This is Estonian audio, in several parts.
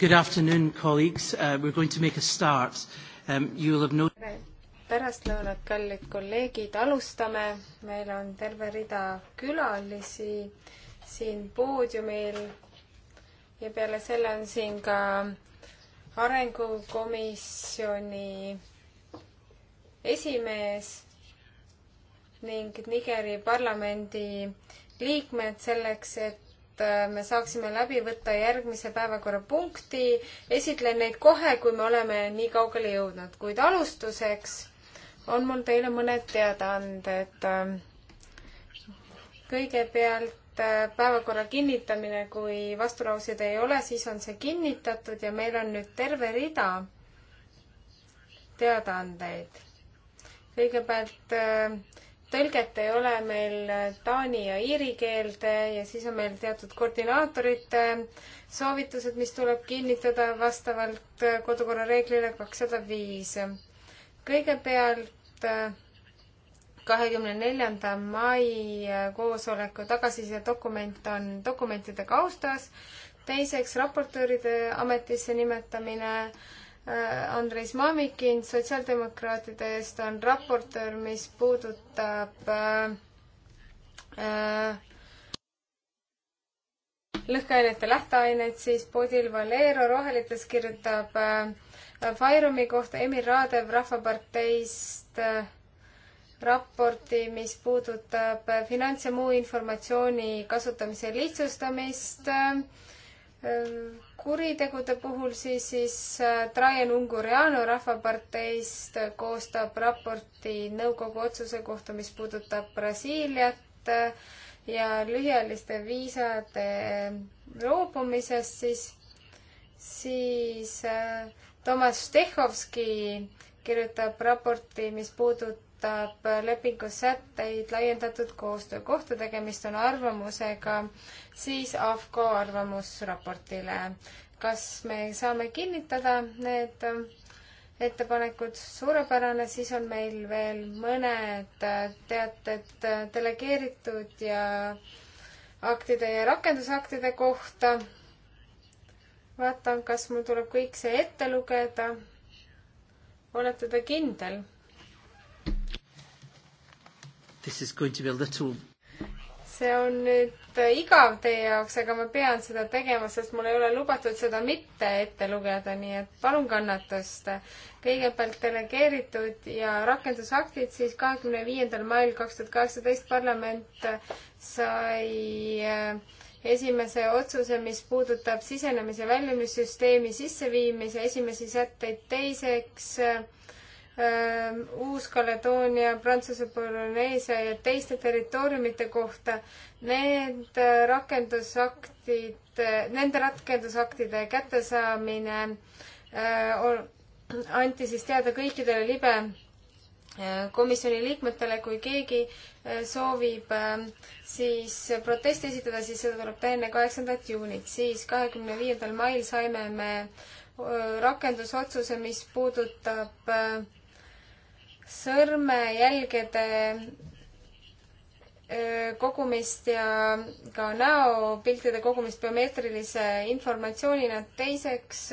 Good afternoon, colleagues. Uh, we're going to make a start. Um, you will have no- pärastlõunat, kallid kolleegid, alustame. meil on terve rida külalisi siin poodiumil ja peale selle on siin ka arengukomisjoni esimees ning Nigeri parlamendi liikmed selleks, et et äh, me saaksime läbi võtta järgmise päevakorrapunkti. esitlen neid kohe, kui me oleme nii kaugele jõudnud, kuid alustuseks on mul teile mõned teadaanded. kõigepealt äh, päevakorra kinnitamine, kui vastulauseid ei ole, siis on see kinnitatud ja meil on nüüd terve rida teadaandeid. kõigepealt äh, tõlget ei ole meil taani ja iiri keelde ja siis on meil teatud koordinaatorite soovitused, mis tuleb kinnitada vastavalt kodukorra reeglile kakssada viis. kõigepealt äh, kahekümne neljanda mai äh, koosoleku tagasiside dokument on dokumentide kaustas, teiseks raportööride ametisse nimetamine Äh, Andres Mamikin sotsiaaldemokraatide eest on raportöör, mis puudutab äh, äh, lõhkeainete lähteained, siis Bodil Valero Rohelites kirjutab äh, Fairumi kohta Emil Raadev Rahvaparteist äh, raporti, mis puudutab äh, finants ja muu informatsiooni kasutamise lihtsustamist äh, äh kuritegude puhul siis, siis äh, Trajan Unguriano Rahvaparteist koostab raporti nõukogu otsuse kohta, mis puudutab Brasiiliat äh, ja lühiajaliste viisade äh, loobumisest, siis, siis Tomas Stehhovski kirjutab raporti, mis puudutab lepingus sätteid laiendatud koostöö kohta, tegemist on arvamusega, siis AFCO arvamusraportile. kas me saame kinnitada need ettepanekud, suurepärane, siis on meil veel mõned teated delegeeritud ja aktide ja rakendusaktide kohta. vaatan, kas mul tuleb kõik see ette lugeda olete te kindel? see on nüüd igav teie jaoks, aga ma pean seda tegema, sest mul ei ole lubatud seda mitte ette lugeda, nii et palun kannatust. kõigepealt delegeeritud ja rakendusaktid, siis kahekümne viiendal mail kaks tuhat kaheksateist parlament sai äh, esimese otsuse, mis puudutab sisenemise väljumissüsteemi sisseviimise esimesi sätteid, teiseks äh, Uus-Kaledoonia, Prantsuse Polüneesia ja teiste territooriumite kohta. Need äh, rakendusaktid, äh, nende rakendusaktide kättesaamine äh, anti siis teada kõikidele libe komisjoni liikmetele, kui keegi äh, soovib äh, siis protesti esitada, siis seda tuleb teha enne kaheksandat juunit, siis kahekümne viiendal mail saime me äh, rakendusotsuse, mis puudutab sõrmejälgede kogumist ja ka näopiltide kogumist biomeetrilise informatsioonina. teiseks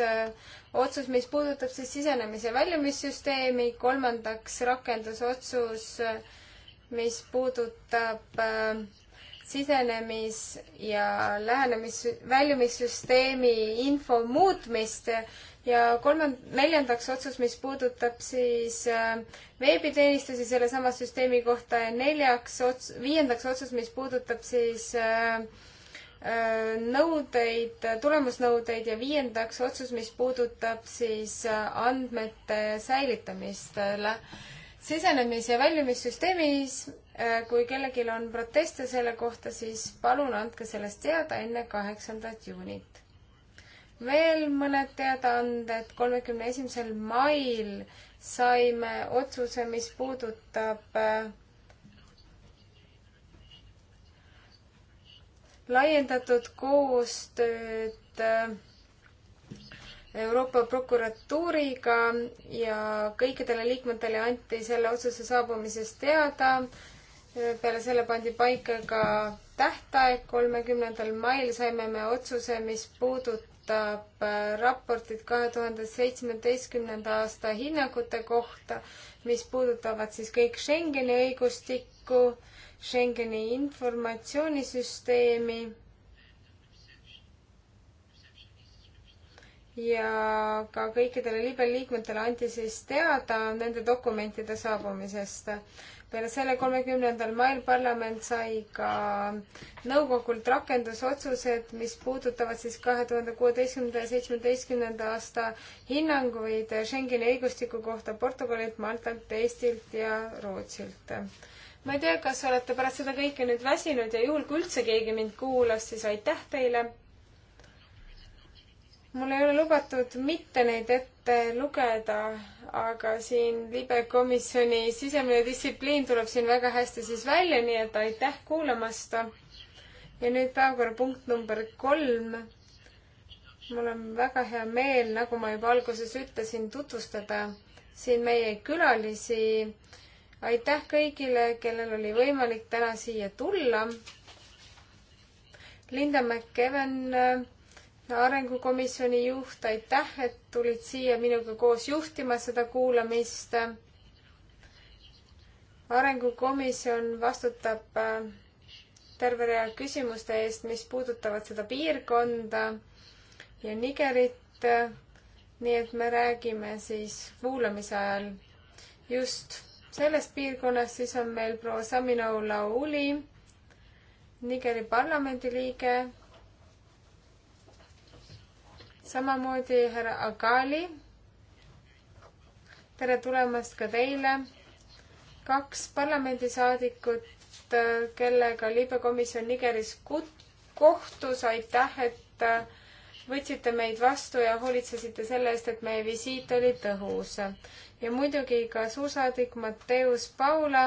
otsus, mis puudutab siis sisenemise väljumissüsteemi. kolmandaks rakendusotsus, mis puudutab sisenemis- ja lähenemis, väljumissüsteemi info muutmist ja kolmand-, neljandaks otsus, mis puudutab siis äh, veebiteenistusi sellesama süsteemi kohta ja neljaks ots-, viiendaks otsus, mis puudutab siis äh, äh, nõudeid, tulemusnõudeid ja viiendaks otsus, mis puudutab siis andmete säilitamist sisenemis- ja väljumissüsteemis. kui kellelgi on proteste selle kohta, siis palun andke sellest teada enne kaheksandat juunit veel mõned teadaanded, kolmekümne esimesel mail saime otsuse, mis puudutab äh, laiendatud koostööd äh, Euroopa prokuratuuriga ja kõikidele liikmetele anti selle otsuse saabumisest teada. Äh, peale selle pandi paika ka tähtaeg, kolmekümnendal mail saime me otsuse, mis puudutab puudutab äh, raportit kahe tuhande seitsmeteistkümnenda aasta hinnangute kohta, mis puudutavad siis kõik Schengeni õigustikku, Schengeni informatsioonisüsteemi ja ka kõikidele libe liikmetele anti siis teada nende dokumentide saabumisest peale selle kolmekümnendal mail parlament sai ka nõukogult rakendusotsused, mis puudutavad siis kahe tuhande kuueteistkümnenda ja seitsmeteistkümnenda aasta hinnanguid Schengeni õigustiku kohta Portugalilt, Maltalt, Eestilt ja Rootsilt. ma ei tea, kas olete pärast seda kõike nüüd väsinud ja juhul, kui üldse keegi mind kuulas, siis aitäh teile mul ei ole lubatud mitte neid ette lugeda, aga siin libekomisjoni sisemine distsipliin tuleb siin väga hästi siis välja, nii et aitäh kuulamast. ja nüüd päevakorrapunkt number kolm. mul on väga hea meel, nagu ma juba alguses ütlesin, tutvustada siin meie külalisi. aitäh kõigile, kellel oli võimalik täna siia tulla. Linda McEwen arengukomisjoni juht, aitäh, et tulid siia minuga koos juhtima seda kuulamist. arengukomisjon vastutab äh, terve rea küsimuste eest, mis puudutavad seda piirkonda ja Nigerit. nii et me räägime siis kuulamise ajal just sellest piirkonnast, siis on meil proua Samino Lauli, Nigeri parlamendi liige samamoodi härra Agali. tere tulemast ka teile. kaks parlamendisaadikut, äh, kellega liibekomisjon Nigeris kohtus, aitäh, et äh, võtsite meid vastu ja hoolitsesite selle eest, et meie visiit oli tõhus. ja muidugi ka suursaadik Matteus Paula,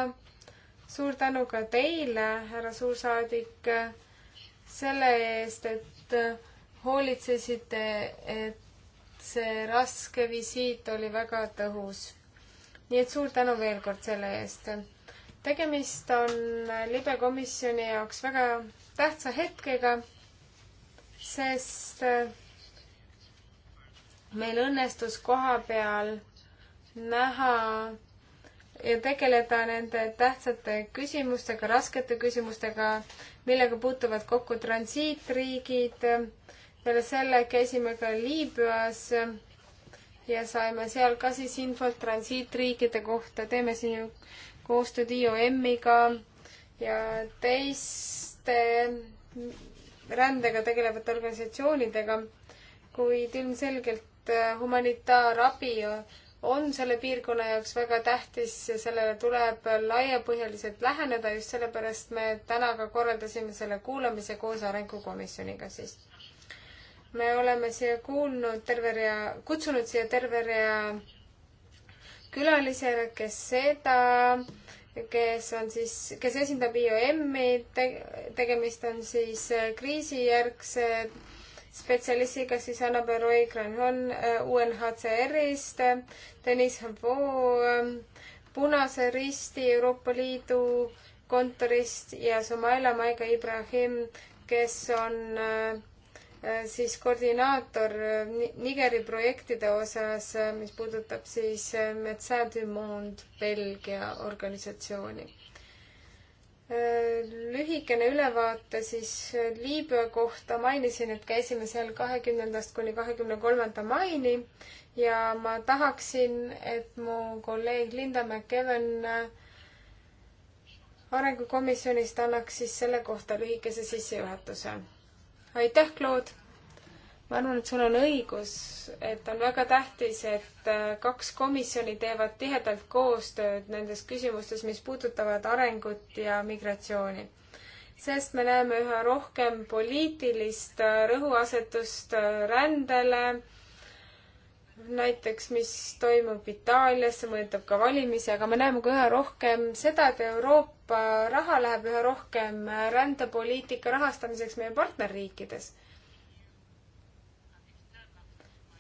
suur tänu ka teile, härra suursaadik, selle eest, et äh, hoolitsesite, et see raske visiit oli väga tõhus. nii et suur tänu veel kord selle eest. tegemist on libekomisjoni jaoks väga tähtsa hetkega, sest meil õnnestus koha peal näha ja tegeleda nende tähtsate küsimustega, raskete küsimustega, millega puutuvad kokku transiitriigid peale selle käisime ka Liibüas ja saime seal ka siis infot transiitriikide kohta, teeme siin ju koostööd IOM-iga ja teiste rändega tegelevate organisatsioonidega, kuid ilmselgelt äh, humanitaarabi on selle piirkonna jaoks väga tähtis ja sellele tuleb laiapõhjaliselt läheneda, just sellepärast me täna ka korraldasime selle kuulamise koos Arengukomisjoniga siis me oleme siia kuulnud terve rea, kutsunud siia terve rea külalisele, kes seda, kes on siis, kes esindab IOM-i te,, tegemist on siis äh, kriisijärgse spetsialistiga, siis Annabel Roy Granholm äh, UNHCR-ist, Deniss Havoo äh, Punase Risti Euroopa Liidu kontorist ja Somaila Maiga Ibrahim, kes on äh, Äh, siis koordinaator äh, Nigeri projektide osas, äh, mis puudutab siis Metsad du Monde Belgia organisatsiooni. lühikene ülevaate siis Liibüa kohta mainisin, et käisime seal kahekümnendast kuni kahekümne kolmanda maini ja ma tahaksin, et mu kolleeg Linda McEwen arengukomisjonist annaks siis selle kohta lühikese sissejuhatuse aitäh, Claude! ma arvan, et sul on õigus, et on väga tähtis, et äh, kaks komisjoni teevad tihedalt koostööd nendes küsimustes, mis puudutavad arengut ja migratsiooni. sest me näeme üha rohkem poliitilist äh, rõhuasetust äh, rändele, näiteks mis toimub Itaalias, see mõjutab ka valimisi, aga me näeme ka üha rohkem seda, et Euroopa raha läheb üha rohkem rändepoliitika rahastamiseks meie partnerriikides.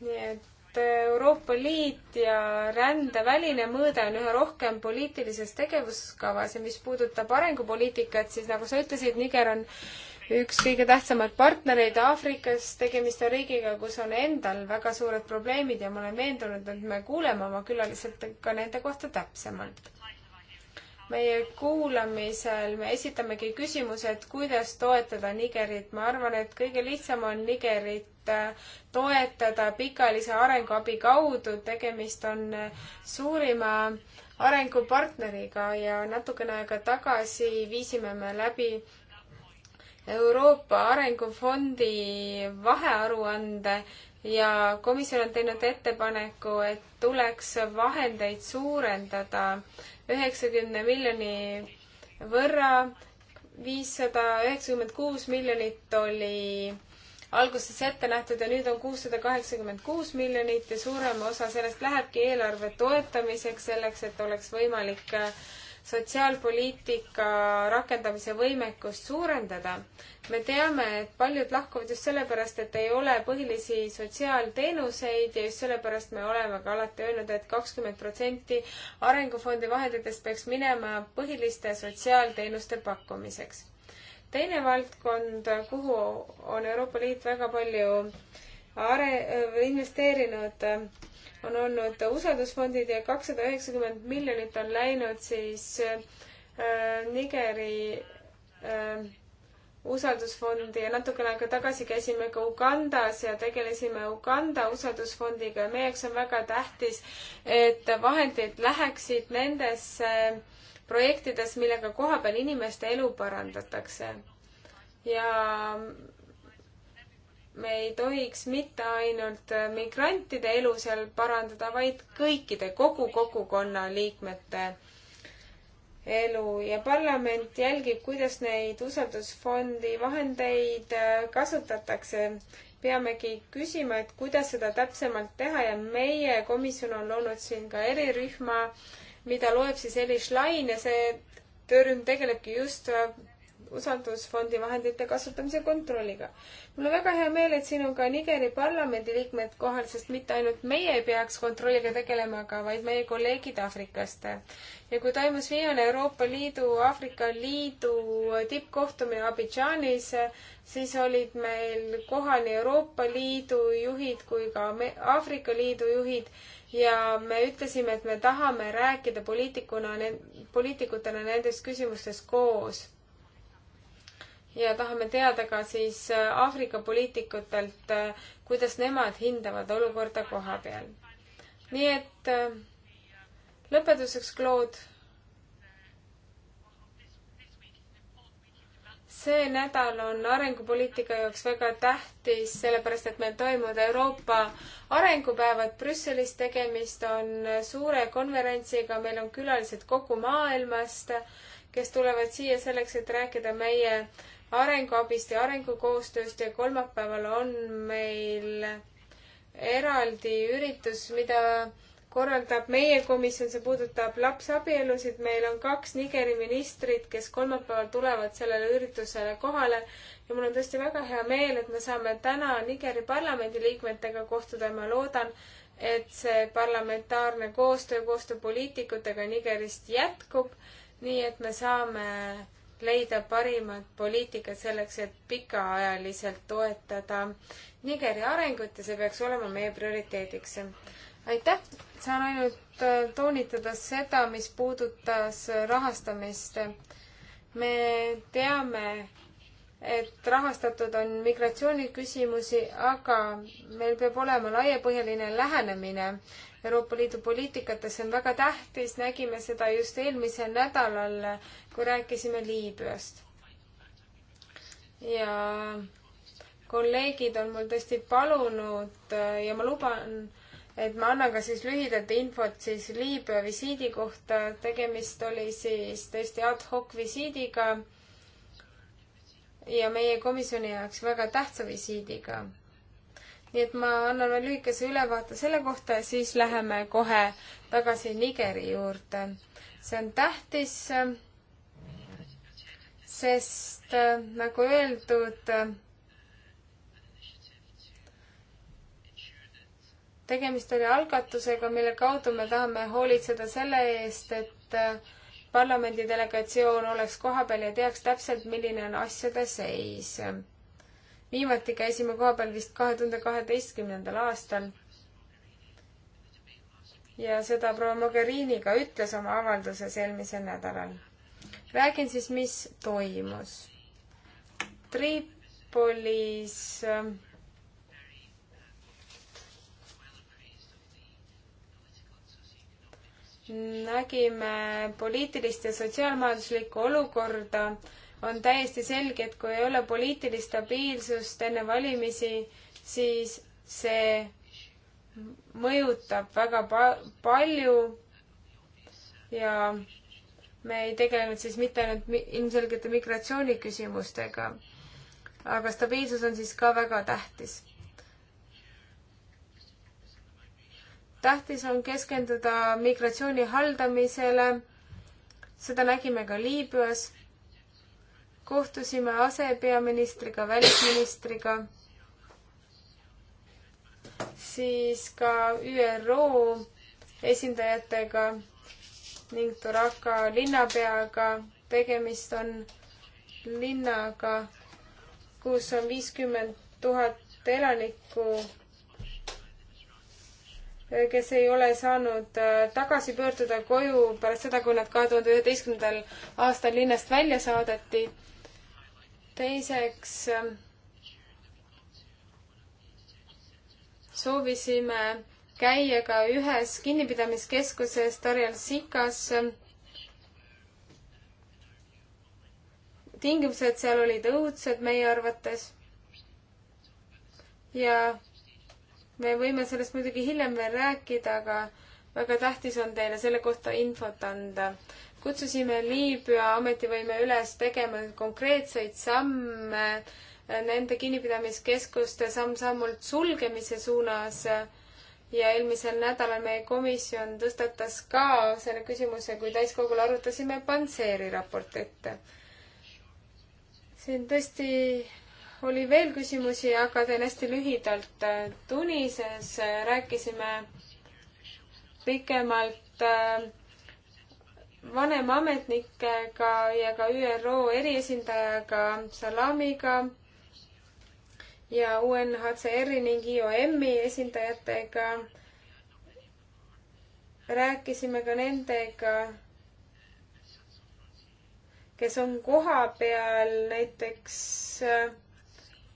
nii et Euroopa Liit ja rändeväline mõõde on üha rohkem poliitilises tegevuskavas ja mis puudutab arengupoliitikat, siis nagu sa ütlesid, Niger on üks kõige tähtsamaid partnereid Aafrikas, tegemist on riigiga, kus on endal väga suured probleemid ja ma olen veendunud, et me kuuleme oma külalistelt ka nende kohta täpsemalt meie kuulamisel me esitamegi küsimuse, et kuidas toetada Nigerit. ma arvan, et kõige lihtsam on Nigerit äh, toetada pikaajalise arenguabi kaudu. tegemist on äh, suurima arengupartneriga ja natukene aega tagasi viisime me läbi Euroopa Arengufondi vahearuande ja komisjon on teinud ettepaneku, et tuleks vahendeid suurendada üheksakümne miljoni võrra. viissada üheksakümmend kuus miljonit oli alguses ette nähtud ja nüüd on kuussada kaheksakümmend kuus miljonit ja suurem osa sellest lähebki eelarve toetamiseks, selleks et oleks võimalik sotsiaalpoliitika rakendamise võimekust suurendada. me teame, et paljud lahkuvad just sellepärast, et ei ole põhilisi sotsiaalteenuseid ja just sellepärast me oleme ka alati öelnud et, et kakskümmend protsenti arengufondi vahenditest peaks minema põhiliste sotsiaalteenuste pakkumiseks. teine valdkond, kuhu on Euroopa Liit väga palju are-, investeerinud on olnud usaldusfondid ja kakssada üheksakümmend miljonit on läinud siis äh, Nigeri äh, usaldusfondi ja natukene aega tagasi käisime ka Ugandas ja tegelesime Uganda usaldusfondiga ja meie jaoks on väga tähtis, et vahendid läheksid nendesse projektides, millega kohapeal inimeste elu parandatakse. ja me ei tohiks mitte ainult äh, migrantide elu seal parandada, vaid kõikide, kogu kogukonna liikmete elu ja parlament jälgib, kuidas neid usaldusfondi vahendeid äh, kasutatakse. peamegi küsima, et kuidas seda täpsemalt teha ja meie komisjon on loonud siin ka erirühma, mida loeb siis Elis Lain ja see töörühm tegelebki just äh, usaldusfondi vahendite kasutamise kontrolliga. mul on väga hea meel, et siin on ka Nigeri parlamendi liikmed kohal, sest mitte ainult meie ei peaks kontrolliga tegelema, aga vaid meie kolleegid Aafrikast. ja kui toimus viimane Euroopa Liidu, Aafrika Liidu tippkohtumine Abidžaanis, siis olid meil kohal nii Euroopa Liidu juhid kui ka Aafrika Liidu juhid ja me ütlesime, et me tahame rääkida poliitikuna, poliitikutena nendest küsimustest koos ja tahame teada ka siis äh, Aafrika poliitikutelt, äh, kuidas nemad hindavad olukorda koha peal. nii et äh, lõpetuseks, Claude. see nädal on arengupoliitika jaoks väga tähtis, sellepärast et meil toimuvad Euroopa arengupäevad Brüsselis, tegemist on suure konverentsiga, meil on külalised kogu maailmast, kes tulevad siia selleks, et rääkida meie arenguabist ja arengukoostööst ja kolmapäeval on meil eraldi üritus, mida korraldab meie komisjon, see puudutab lapsabielusid, meil on kaks Nigeri ministrit, kes kolmapäeval tulevad sellele üritusele kohale ja mul on tõesti väga hea meel, et me saame täna Nigeri parlamendi liikmetega kohtuda ja ma loodan, et see parlamentaarne koostöö, koostöö poliitikutega Nigerist jätkub, nii et me saame leida parimad poliitikad selleks, et pikaajaliselt toetada Nigeri arengut ja see peaks olema meie prioriteediks. aitäh, saan ainult äh, toonitada seda, mis puudutas rahastamist. me teame, et rahastatud on migratsiooniküsimusi, aga meil peab olema laiapõhjaline lähenemine Euroopa Liidu poliitikates, see on väga tähtis, nägime seda just eelmisel nädalal, kui rääkisime Liibüast. ja kolleegid on mul tõesti palunud äh, ja ma luban, et ma annan ka siis lühidalt infot siis Liibüa visiidi kohta. tegemist oli siis tõesti ad hoc visiidiga ja meie komisjoni jaoks väga tähtsa visiidiga nii et ma annan veel lühikese ülevaate selle kohta ja siis läheme kohe tagasi Nigeri juurde. see on tähtis, sest nagu öeldud, tegemist oli algatusega, mille kaudu me tahame hoolitseda selle eest, et parlamendi delegatsioon oleks kohapeal ja teaks täpselt, milline on asjade seis viimati käisime kohapeal vist kahe tuhande kaheteistkümnendal aastal. ja seda proua Mogherini ka ütles oma avalduses eelmisel nädalal. räägin siis, mis toimus. Tripolis ähm, nägime poliitilist ja sotsiaalmajanduslikku olukorda on täiesti selge, et kui ei ole poliitilist stabiilsust enne valimisi, siis see mõjutab väga pa-, palju ja me ei tegelenud siis mitte ainult ilmselgete migratsiooniküsimustega, aga stabiilsus on siis ka väga tähtis. tähtis on keskenduda migratsiooni haldamisele, seda nägime ka Liibüas kohtusime asepeaministriga, välisministriga, siis ka ÜRO esindajatega ning Toraka linnapeaga. tegemist on linnaga, kus on viiskümmend tuhat elanikku, kes ei ole saanud äh, tagasi pöörduda koju pärast seda, kui nad kahe tuhande üheteistkümnendal aastal linnast välja saadeti teiseks soovisime käia ka ühes kinnipidamiskeskuses Tarjal Sikas. tingimused seal olid õudsed meie arvates. ja me võime sellest muidugi hiljem veel rääkida, aga väga tähtis on teile selle kohta infot anda kutsusime Liibüa ametivõime üles tegema konkreetseid samme nende kinnipidamiskeskuste samm-sammult sulgemise suunas ja eelmisel nädalal meie komisjon tõstatas ka selle küsimuse, kui täiskogul arutasime Panseri raportit. siin tõesti oli veel küsimusi, aga teen hästi lühidalt. Tunises rääkisime pikemalt äh, vanemametnikega ja ka ÜRO eriesindajaga Salamiga ja UNHCR-i ning IOM-i esindajatega. rääkisime ka nendega, kes on kohapeal näiteks äh,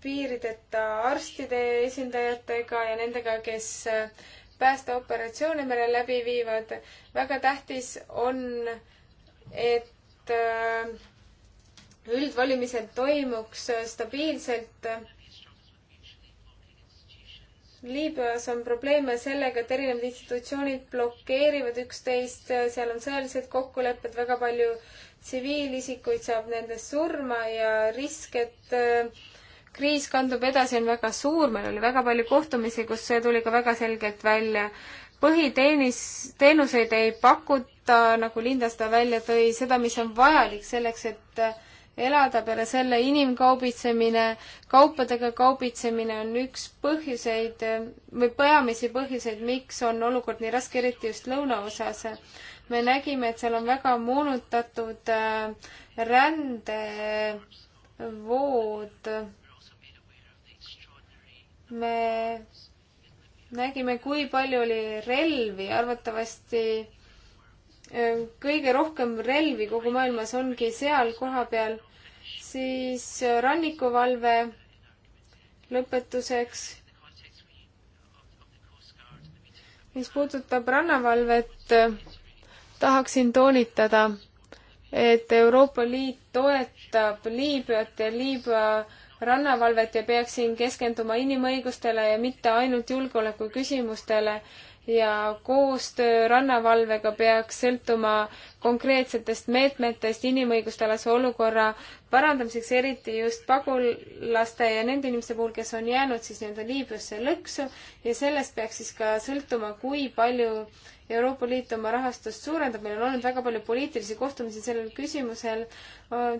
piirideta arstide esindajatega ja nendega, kes äh, päästeoperatsioone merel läbi viivad. väga tähtis on, et äh, üldvalimised toimuks äh, stabiilselt. Liibüas on probleeme sellega, et erinevad institutsioonid blokeerivad üksteist, äh, seal on sõjalised kokkulepped, väga palju tsiviilisikuid saab nendest surma ja risk, et äh, kriis kandub edasi, on väga suur, meil oli väga palju kohtumisi, kus see tuli ka väga selgelt välja. põhiteenis, teenuseid ei pakuta, nagu Linda seda välja tõi, seda, mis on vajalik selleks, et äh, elada peale selle inimkaubitsemine, kaupadega kaubitsemine on üks põhjuseid äh, või peamisi põhjuseid, miks on olukord nii raske, eriti just lõunaosas me nägime, et seal on väga moonutatud äh, rändevood me nägime, kui palju oli relvi, arvatavasti äh, kõige rohkem relvi kogu maailmas ongi seal kohapeal, siis äh, rannikuvalve lõpetuseks. mis puudutab rannavalvet, äh, tahaksin toonitada, et Euroopa Liit toetab Liibüat ja Liibüa rannavalvet ja peaksin keskenduma inimõigustele ja mitte ainult julgeoleku küsimustele ja koostöö rannavalvega peaks sõltuma konkreetsetest meetmetest inimõiguste alase olukorra parandamiseks, eriti just pagulaste ja nende inimeste puhul, kes on jäänud siis nii-öelda Liibüasse lõksu ja sellest peaks siis ka sõltuma, kui palju Euroopa Liit oma rahastust suurendab, meil on olnud väga palju poliitilisi kohtumisi sellel küsimusel.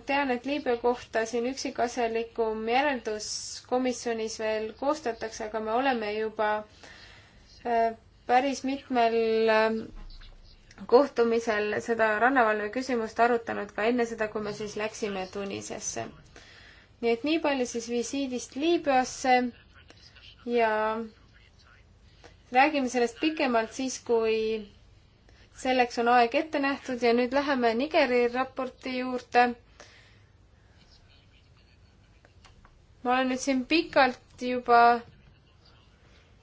tean, et Liibüa kohta siin üksikasjalikum järeldus komisjonis veel koostatakse, aga me oleme juba äh, päris mitmel ähm, kohtumisel seda rannavalve küsimust arutanud ka enne seda, kui me siis läksime Tunisesse. nii et nii palju siis visiidist Liibüasse ja räägime sellest pikemalt siis, kui selleks on aeg ette nähtud ja nüüd läheme Nigeri raporti juurde. ma olen nüüd siin pikalt juba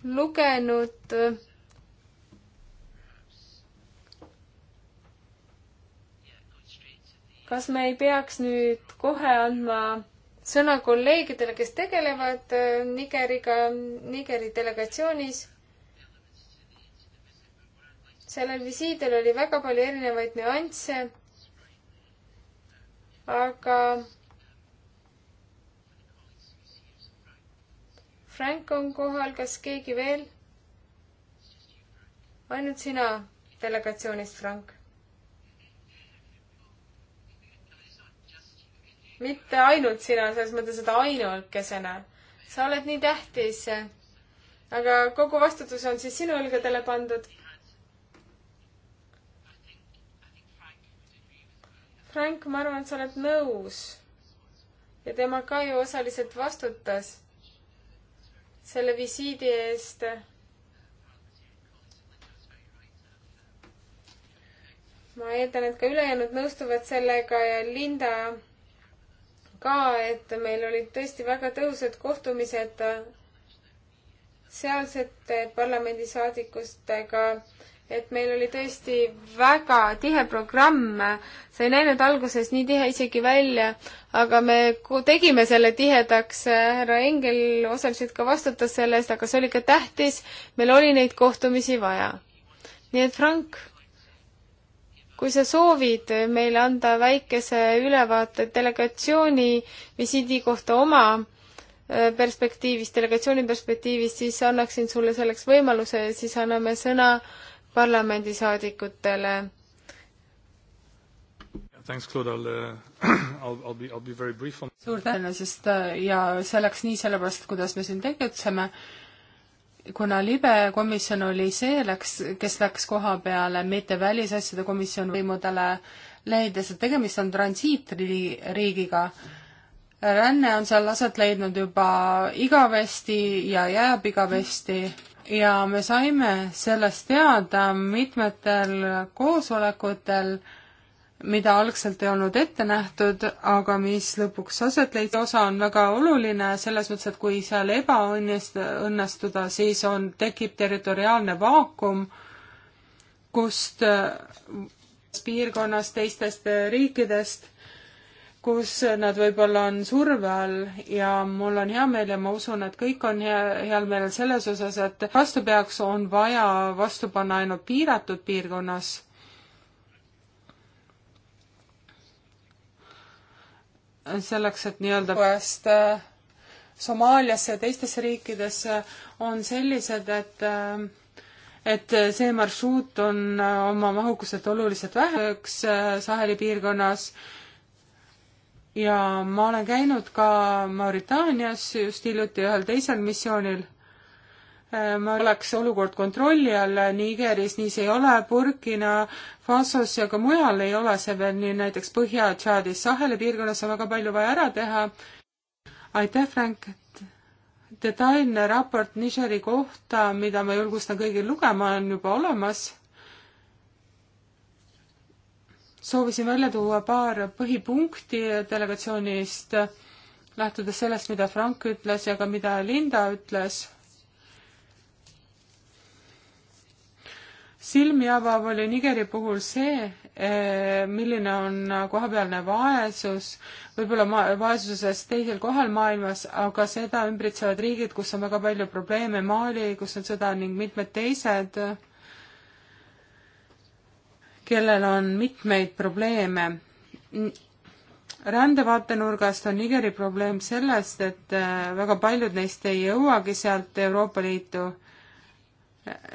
lugenud äh, kas me ei peaks nüüd kohe andma sõna kolleegidele, kes tegelevad äh, Nigeriga, Nigeri delegatsioonis? sellel visiidil oli väga palju erinevaid nüansse, aga Frank on kohal, kas keegi veel? ainult sina delegatsioonist, Frank mitte ainult sina, selles mõttes, et ainukesena. sa oled nii tähtis. aga kogu vastutus on siis sinu õlgadele pandud. Frank, ma arvan, et sa oled nõus. ja tema ka ju osaliselt vastutas selle visiidi eest ma eeldan, et ka ülejäänud nõustuvad sellega ja Linda ka, et meil olid tõesti väga tõhusad kohtumised sealsete parlamendisaadikustega, et meil oli tõesti väga tihe programm, see ei näinud alguses nii tihe isegi välja, aga me tegime selle tihedaks, härra Engel osaliselt ka vastutas selle eest, aga see oli ka tähtis, meil oli neid kohtumisi vaja. nii et Frank kui sa soovid meile anda väikese ülevaate delegatsiooni visiidi kohta oma äh, perspektiivist, delegatsiooni perspektiivist, siis annaksin sulle selleks võimaluse ja siis anname sõna parlamendisaadikutele. Thanks, Claude, I'll uh,, I'll, I'll be, I'll be very brief on suur tänu, sest äh, ja see läks nii sellepärast, kuidas me siin tegutseme uh,, kuna libe komisjon oli see, läks, kes läks koha peale, mitte välisasjade komisjon võimudele, leides, et tegemist on transiitriigiga. ränne on seal aset leidnud juba igavesti ja jääb igavesti ja me saime sellest teada mitmetel koosolekutel mida algselt ei olnud ette nähtud, aga mis lõpuks aset leidis, osa on väga oluline selles mõttes, et kui seal ebaõnnest-, õnnestuda, siis on, tekib territoriaalne vaakum, kust äh, piirkonnas teistest äh, riikidest, kus nad võib-olla on surve all ja mul on hea meel ja ma usun, et kõik on hea, heal meelel selles osas, et vastu peaks, on vaja vastu panna ainult piiratud piirkonnas selleks, et nii-öelda poest äh, Somaaliasse ja teistesse riikidesse on sellised, et äh, et see marsruut on äh, oma mahukuselt oluliselt väheks Saheli piirkonnas ja ma olen käinud ka Mauritaanias just hiljuti ühel teisel missioonil Äh, ma oleks olukord kontrolli all, Nigeris nii see ei ole, Burkina Fasos ja ka mujal ei ole see veel nii, näiteks Põhja-Tšaadis, Saheli piirkonnas on väga palju vaja ära teha. aitäh, Frank! detailne raport Nigeri kohta, mida ma julgustan kõigil lugema, on juba olemas. soovisin välja tuua paar põhipunkti delegatsioonist, lähtudes sellest, mida Frank ütles ja ka mida Linda ütles silmi avav oli Nigeri puhul see, eh, milline on kohapealne vaesus, võib-olla ma-, vaesuses teisel kohal maailmas, aga seda ümbritsevad riigid, kus on väga palju probleeme, Mali, kus on sõda ning mitmed teised, kellel on mitmeid probleeme. rändevaatenurgast on Nigeri probleem sellest, et eh, väga paljud neist ei jõuagi sealt Euroopa Liitu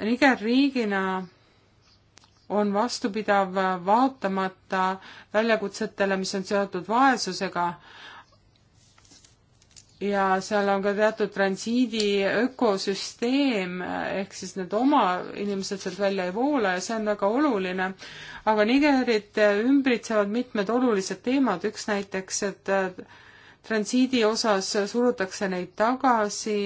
Niger riigina on vastupidav vaatamata väljakutsetele, mis on seotud vaesusega. ja seal on ka teatud transiidi ökosüsteem, ehk siis need oma inimesed sealt välja ei voola ja see on väga oluline. aga Nigerit ümbritsevad mitmed olulised teemad, üks näiteks, et transiidi osas surutakse neid tagasi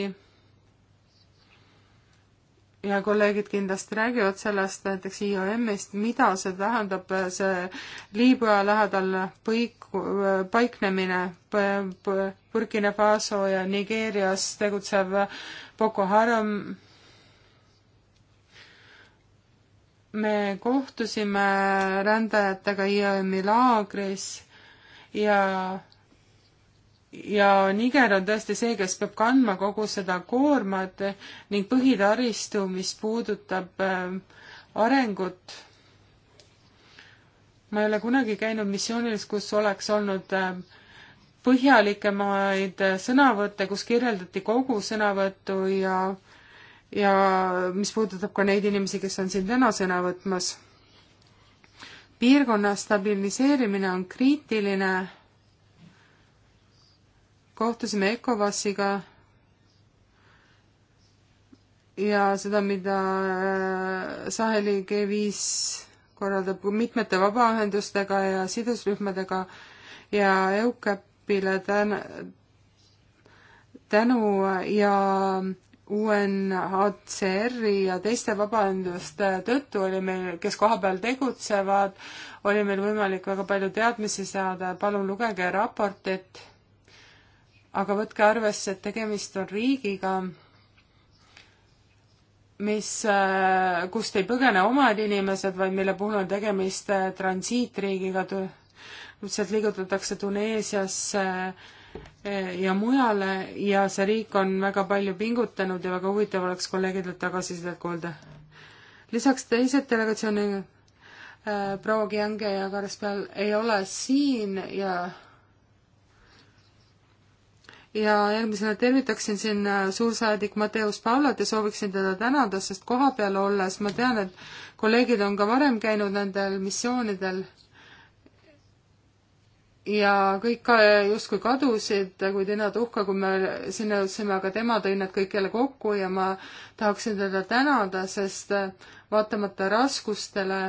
ja kolleegid kindlasti räägivad sellest näiteks IOM-ist, mida see tähendab, see Liibüa lähedal põik-, paiknemine, Burkina Faso ja Nigeerias tegutsev Boko Haram. me kohtusime rändajatega IOM-i laagris ja ja Niger on tõesti see, kes peab kandma kogu seda koormat ning põhitaristu, mis puudutab äh, arengut. ma ei ole kunagi käinud missioonilis, kus oleks olnud äh, põhjalikemaid äh, sõnavõtte, kus kirjeldati kogu sõnavõttu ja ja mis puudutab ka neid inimesi, kes on siin täna sõna võtmas. piirkonna stabiliseerimine on kriitiline kohtusime ECOWASiga ja seda, mida äh, Saheli G5 korraldab mitmete vabaühendustega ja sidusrühmadega ja EUCAP-ile täna, tänu ja UNHCR-i ja teiste vabaühenduste tõttu oli meil, kes kohapeal tegutsevad, oli meil võimalik väga palju teadmisi saada, palun lugege raportit aga võtke arvesse, et tegemist on riigiga, mis, äh, kust ei põgene omad inimesed, vaid mille puhul on tegemist äh, transiitriigiga, lihtsalt liigutatakse Tuneesiasse äh, ja mujale ja see riik on väga palju pingutanud ja väga huvitav oleks kolleegidelt tagasisidet kuulda. lisaks teised delegatsioonid, proua Kiange ja Karspeal ei ole siin ja ja järgmisena tervitaksin siin äh, suursaadik Mateus Paulat ja sooviksin teda tänada, sest kohapeal olles ma tean, et kolleegid on ka varem käinud nendel missioonidel ja kõik ka äh, justkui kadusid, äh, kui Tiina Tuhka, kui me sinna jõudsime, aga tema tõi need kõik jälle kokku ja ma tahaksin teda tänada, sest vaatamata raskustele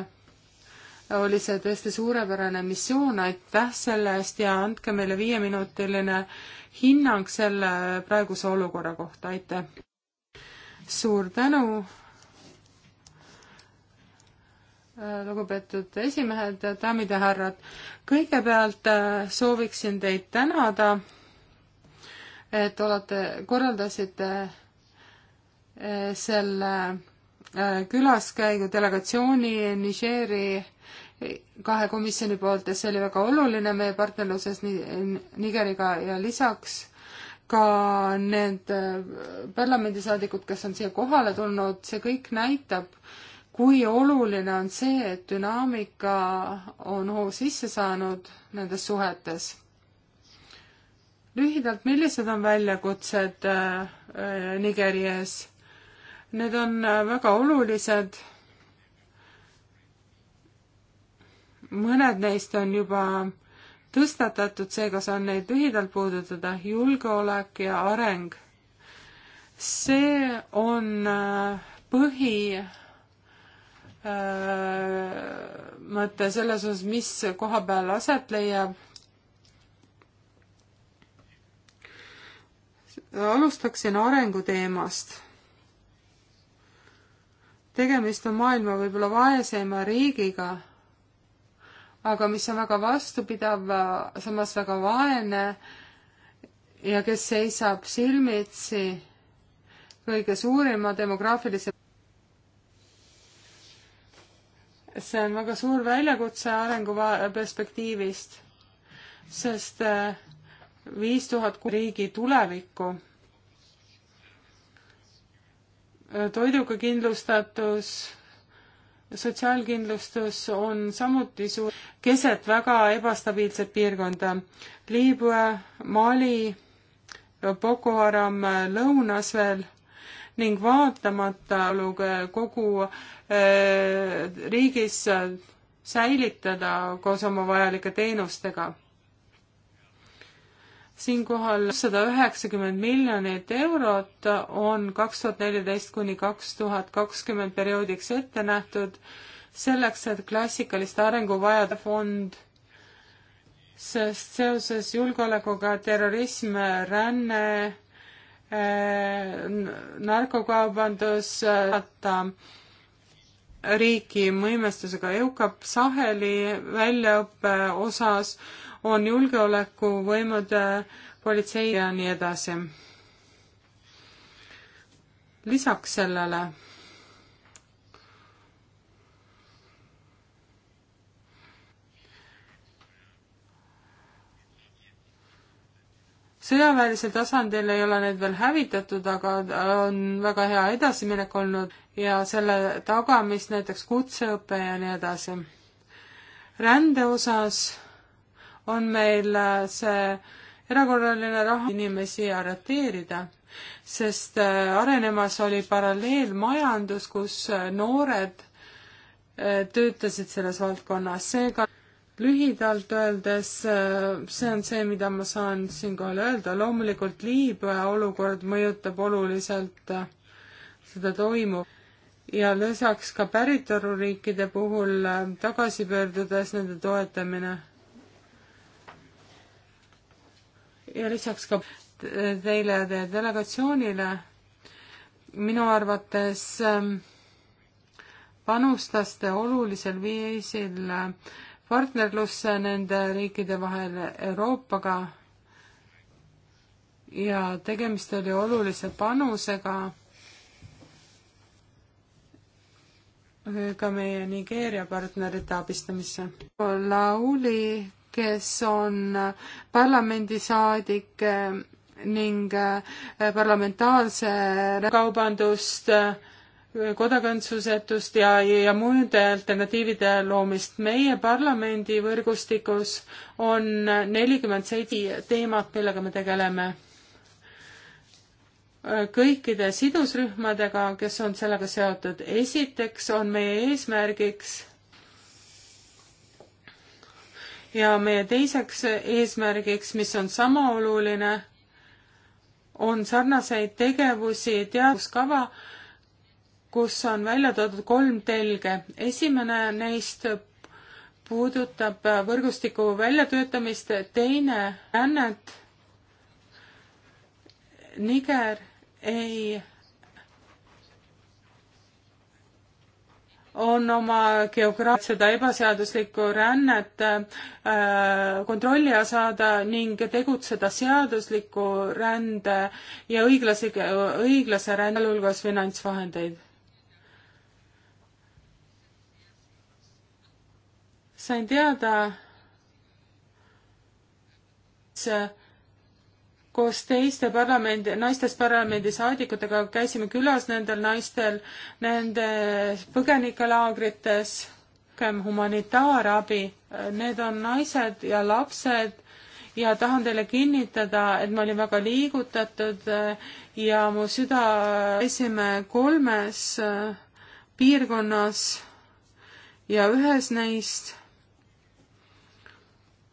oli see tõesti suurepärane missioon, aitäh selle eest ja andke meile viieminutiline hinnang selle praeguse olukorra kohta, aitäh! suur tänu, lugupeetud esimehed, daamid ja härrad! kõigepealt äh, sooviksin teid tänada, et olete, korraldasite äh, selle äh, külaskäigu delegatsiooni Nigeeri kahe komisjoni poolt ja see oli väga oluline meie partnerluses Nigeriga ja lisaks ka need äh, parlamendisaadikud, kes on siia kohale tulnud, see kõik näitab, kui oluline on see, et dünaamika on hoo sisse saanud nendes suhetes. lühidalt, millised on väljakutsed äh, äh, Nigeri ees? Need on väga olulised mõned neist on juba tõstatatud, seega saan neid lühidalt puudutada, julgeolek ja areng. see on äh, põhi äh, mõte selles osas, mis koha peal aset leiab. alustaksin arenguteemast. tegemist on maailma võib-olla vaesema riigiga aga mis on väga vastupidav, samas väga vaene ja kes seisab silmitsi kõige suurima demograafilise see on väga suur väljakutse arengu perspektiivist, sest äh, viis tuhat riigi tulevikku. Äh, toiduga kindlustatus sotsiaalkindlustus on samuti suur, keset väga ebastabiilset piirkonda. Liibüa, Mali, Boko Haram lõunas veel ning vaatamata kogu äh, riigis äh, säilitada koos oma vajalike teenustega siinkohal sada üheksakümmend miljonit eurot on kaks tuhat neliteist kuni kaks tuhat kakskümmend perioodiks ette nähtud selleks, et klassikalist arenguvajade fond, sest seoses julgeolekuga terrorism, ränne, eh, narkokaubandus, riiki võimestusega EUCAP Saheli väljaõppe osas on julgeolekuvõimud, politsei ja nii edasi. lisaks sellele sõjaväelisel tasandil ei ole neid veel hävitatud, aga on väga hea edasiminek olnud ja selle tagamist näiteks kutseõpe ja nii edasi. rände osas on meil äh, see erakorraline raha inimesi arreteerida, sest äh, arenemas oli paralleelmajandus, kus äh, noored töötasid selles valdkonnas, seega lühidalt öeldes see on see, mida ma saan siinkohal öelda, loomulikult Liibüa olukord mõjutab oluliselt seda toimuv ja lisaks ka päritoluriikide puhul tagasi pöördudes nende toetamine ja lisaks ka teile te delegatsioonile minu arvates ähm, panustas te olulisel viisil äh, partnerlusse nende riikide vahel Euroopaga ja tegemist oli olulise panusega ka meie Nigeeria partnerite abistamisse. Lauli kes on parlamendisaadik eh, ning eh, parlamentaarse kaubandust, eh, kodakondsusetust ja, ja muude alternatiivide loomist. meie parlamendi võrgustikus on nelikümmend seitse teemat, millega me tegeleme kõikide sidusrühmadega, kes on sellega seotud. esiteks on meie eesmärgiks ja meie teiseks eesmärgiks, mis on sama oluline, on sarnaseid tegevusi teaduskava, kus on välja toodud kolm telge. esimene neist puudutab võrgustiku väljatöötamist, teine rännet. Niger ei on oma geograaf- seda ebaseaduslikku rännet äh, kontrolli all saada ning tegutseda seadusliku rände ja õiglase, õiglase rände hulgas finantsvahendeid. sain teada, see koos teiste parlamendi, naistest parlamendi saadikutega käisime külas nendel naistel, nende põgenikelaagrites, humanitaarabi, need on naised ja lapsed ja tahan teile kinnitada, et ma olin väga liigutatud eh, ja mu süda käisime kolmes eh, piirkonnas ja ühes neist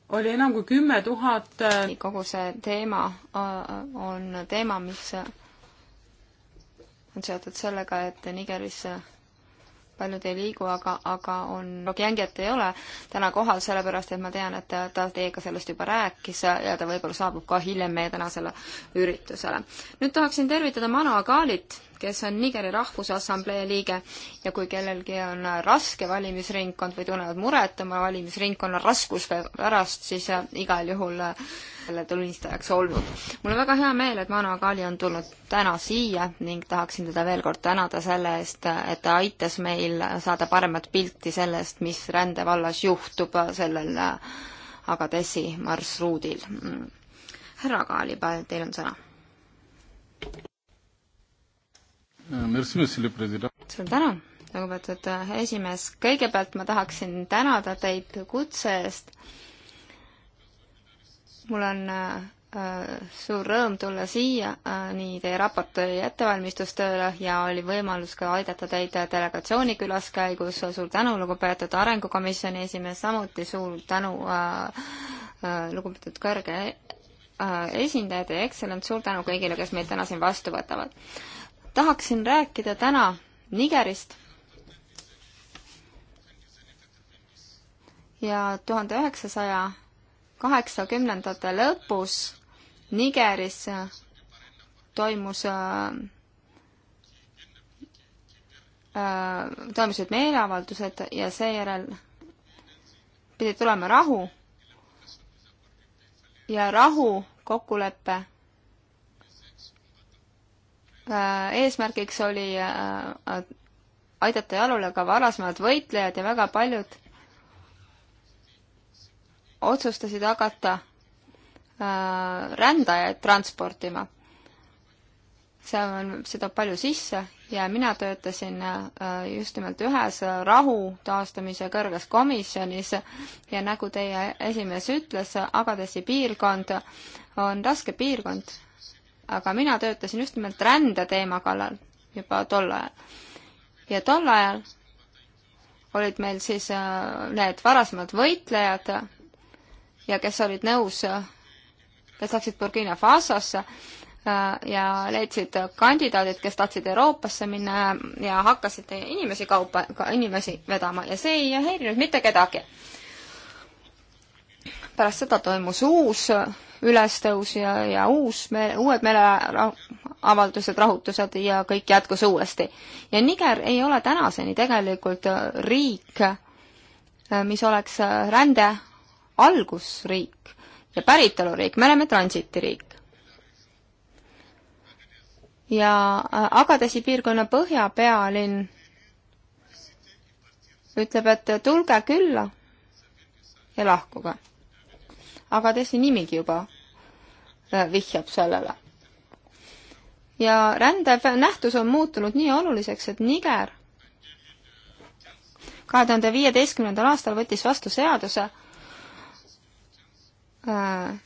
oli enam kui kümme tuhat äh, kogu see teema äh, on teema, mis on seotud sellega, et Nigeris paljud ei liigu, aga, aga on, Rogiangiat ei ole täna kohal, sellepärast et ma tean, et ta teiega sellest juba rääkis ja ta võib-olla saabub ka hiljem meie tänasele üritusele. nüüd tahaksin tervitada Manu Agalit, kes on Nigeri Rahvusassamblee liige ja kui kellelgi on raske valimisringkond või tunnevad muret oma valimisringkonna raskuste pärast, siis äh, igal juhul äh, selle tunnistajaks olnud. mul on väga hea meel, et Manu Akali on tulnud täna siia ning tahaksin teda veel kord tänada selle eest, äh, et ta aitas meil saada paremat pilti sellest, mis rändevallas juhtub sellel Agadesi marsruudil. Mm. härra Akali, teil on sõna suur tänu, lugupeetud äh, esimees. kõigepealt ma tahaksin tänada teid kutse eest. mul on äh, äh, suur rõõm tulla siia nii teie raportööri ettevalmistustööle ja oli võimalus ka aidata teid delegatsiooni külaskäigus. suur tänu, lugupeetud Arengukomisjoni esimees, samuti suur tänu äh, äh, lugupeetud kõrge äh, esindaja, teie ekstsellent, suur tänu kõigile, kes meid täna siin vastu võtavad tahaksin rääkida täna Nigerist ja tuhande üheksasaja kaheksakümnendate lõpus Nigeris toimus äh, äh, toimusid meeleavaldused ja seejärel pidi tulema rahu ja rahu kokkulepe Äh, eesmärgiks oli äh, äh, aidata jalule ka varasemad võitlejad ja väga paljud otsustasid hakata rändajaid transportima. see on, see toob palju sisse ja mina töötasin just nimelt ühes rahu taastamise kõrges komisjonis ja nagu teie esimees ütles, Agadesi piirkond on raske piirkond aga mina töötasin just nimelt rändeteema kallal juba tol ajal. ja tol ajal olid meil siis äh, need varasemad võitlejad ja kes olid nõus, kes äh, läksid Burkina Fasosse äh, ja leidsid kandidaadid, kes tahtsid Euroopasse minna ja hakkasid inimesi kaupa, ka inimesi vedama ja see ei häirinud mitte kedagi. pärast seda toimus uus ülestõus ja, ja uus me,, uued meeleavaldused, rahutused ja kõik jätkus uuesti. ja Niger ei ole tänaseni tegelikult riik, äh, mis oleks äh, rände algusriik ja päritoluriik, me oleme transitiriik. ja äh, Agadesi piirkonna põhjapealinn ütleb, et tulge külla ja lahkuge aga tõsi, nimigi juba vihjab sellele. ja rände nähtus on muutunud nii oluliseks, et Niger kahe tuhande viieteistkümnendal aastal võttis vastu seaduse, äh,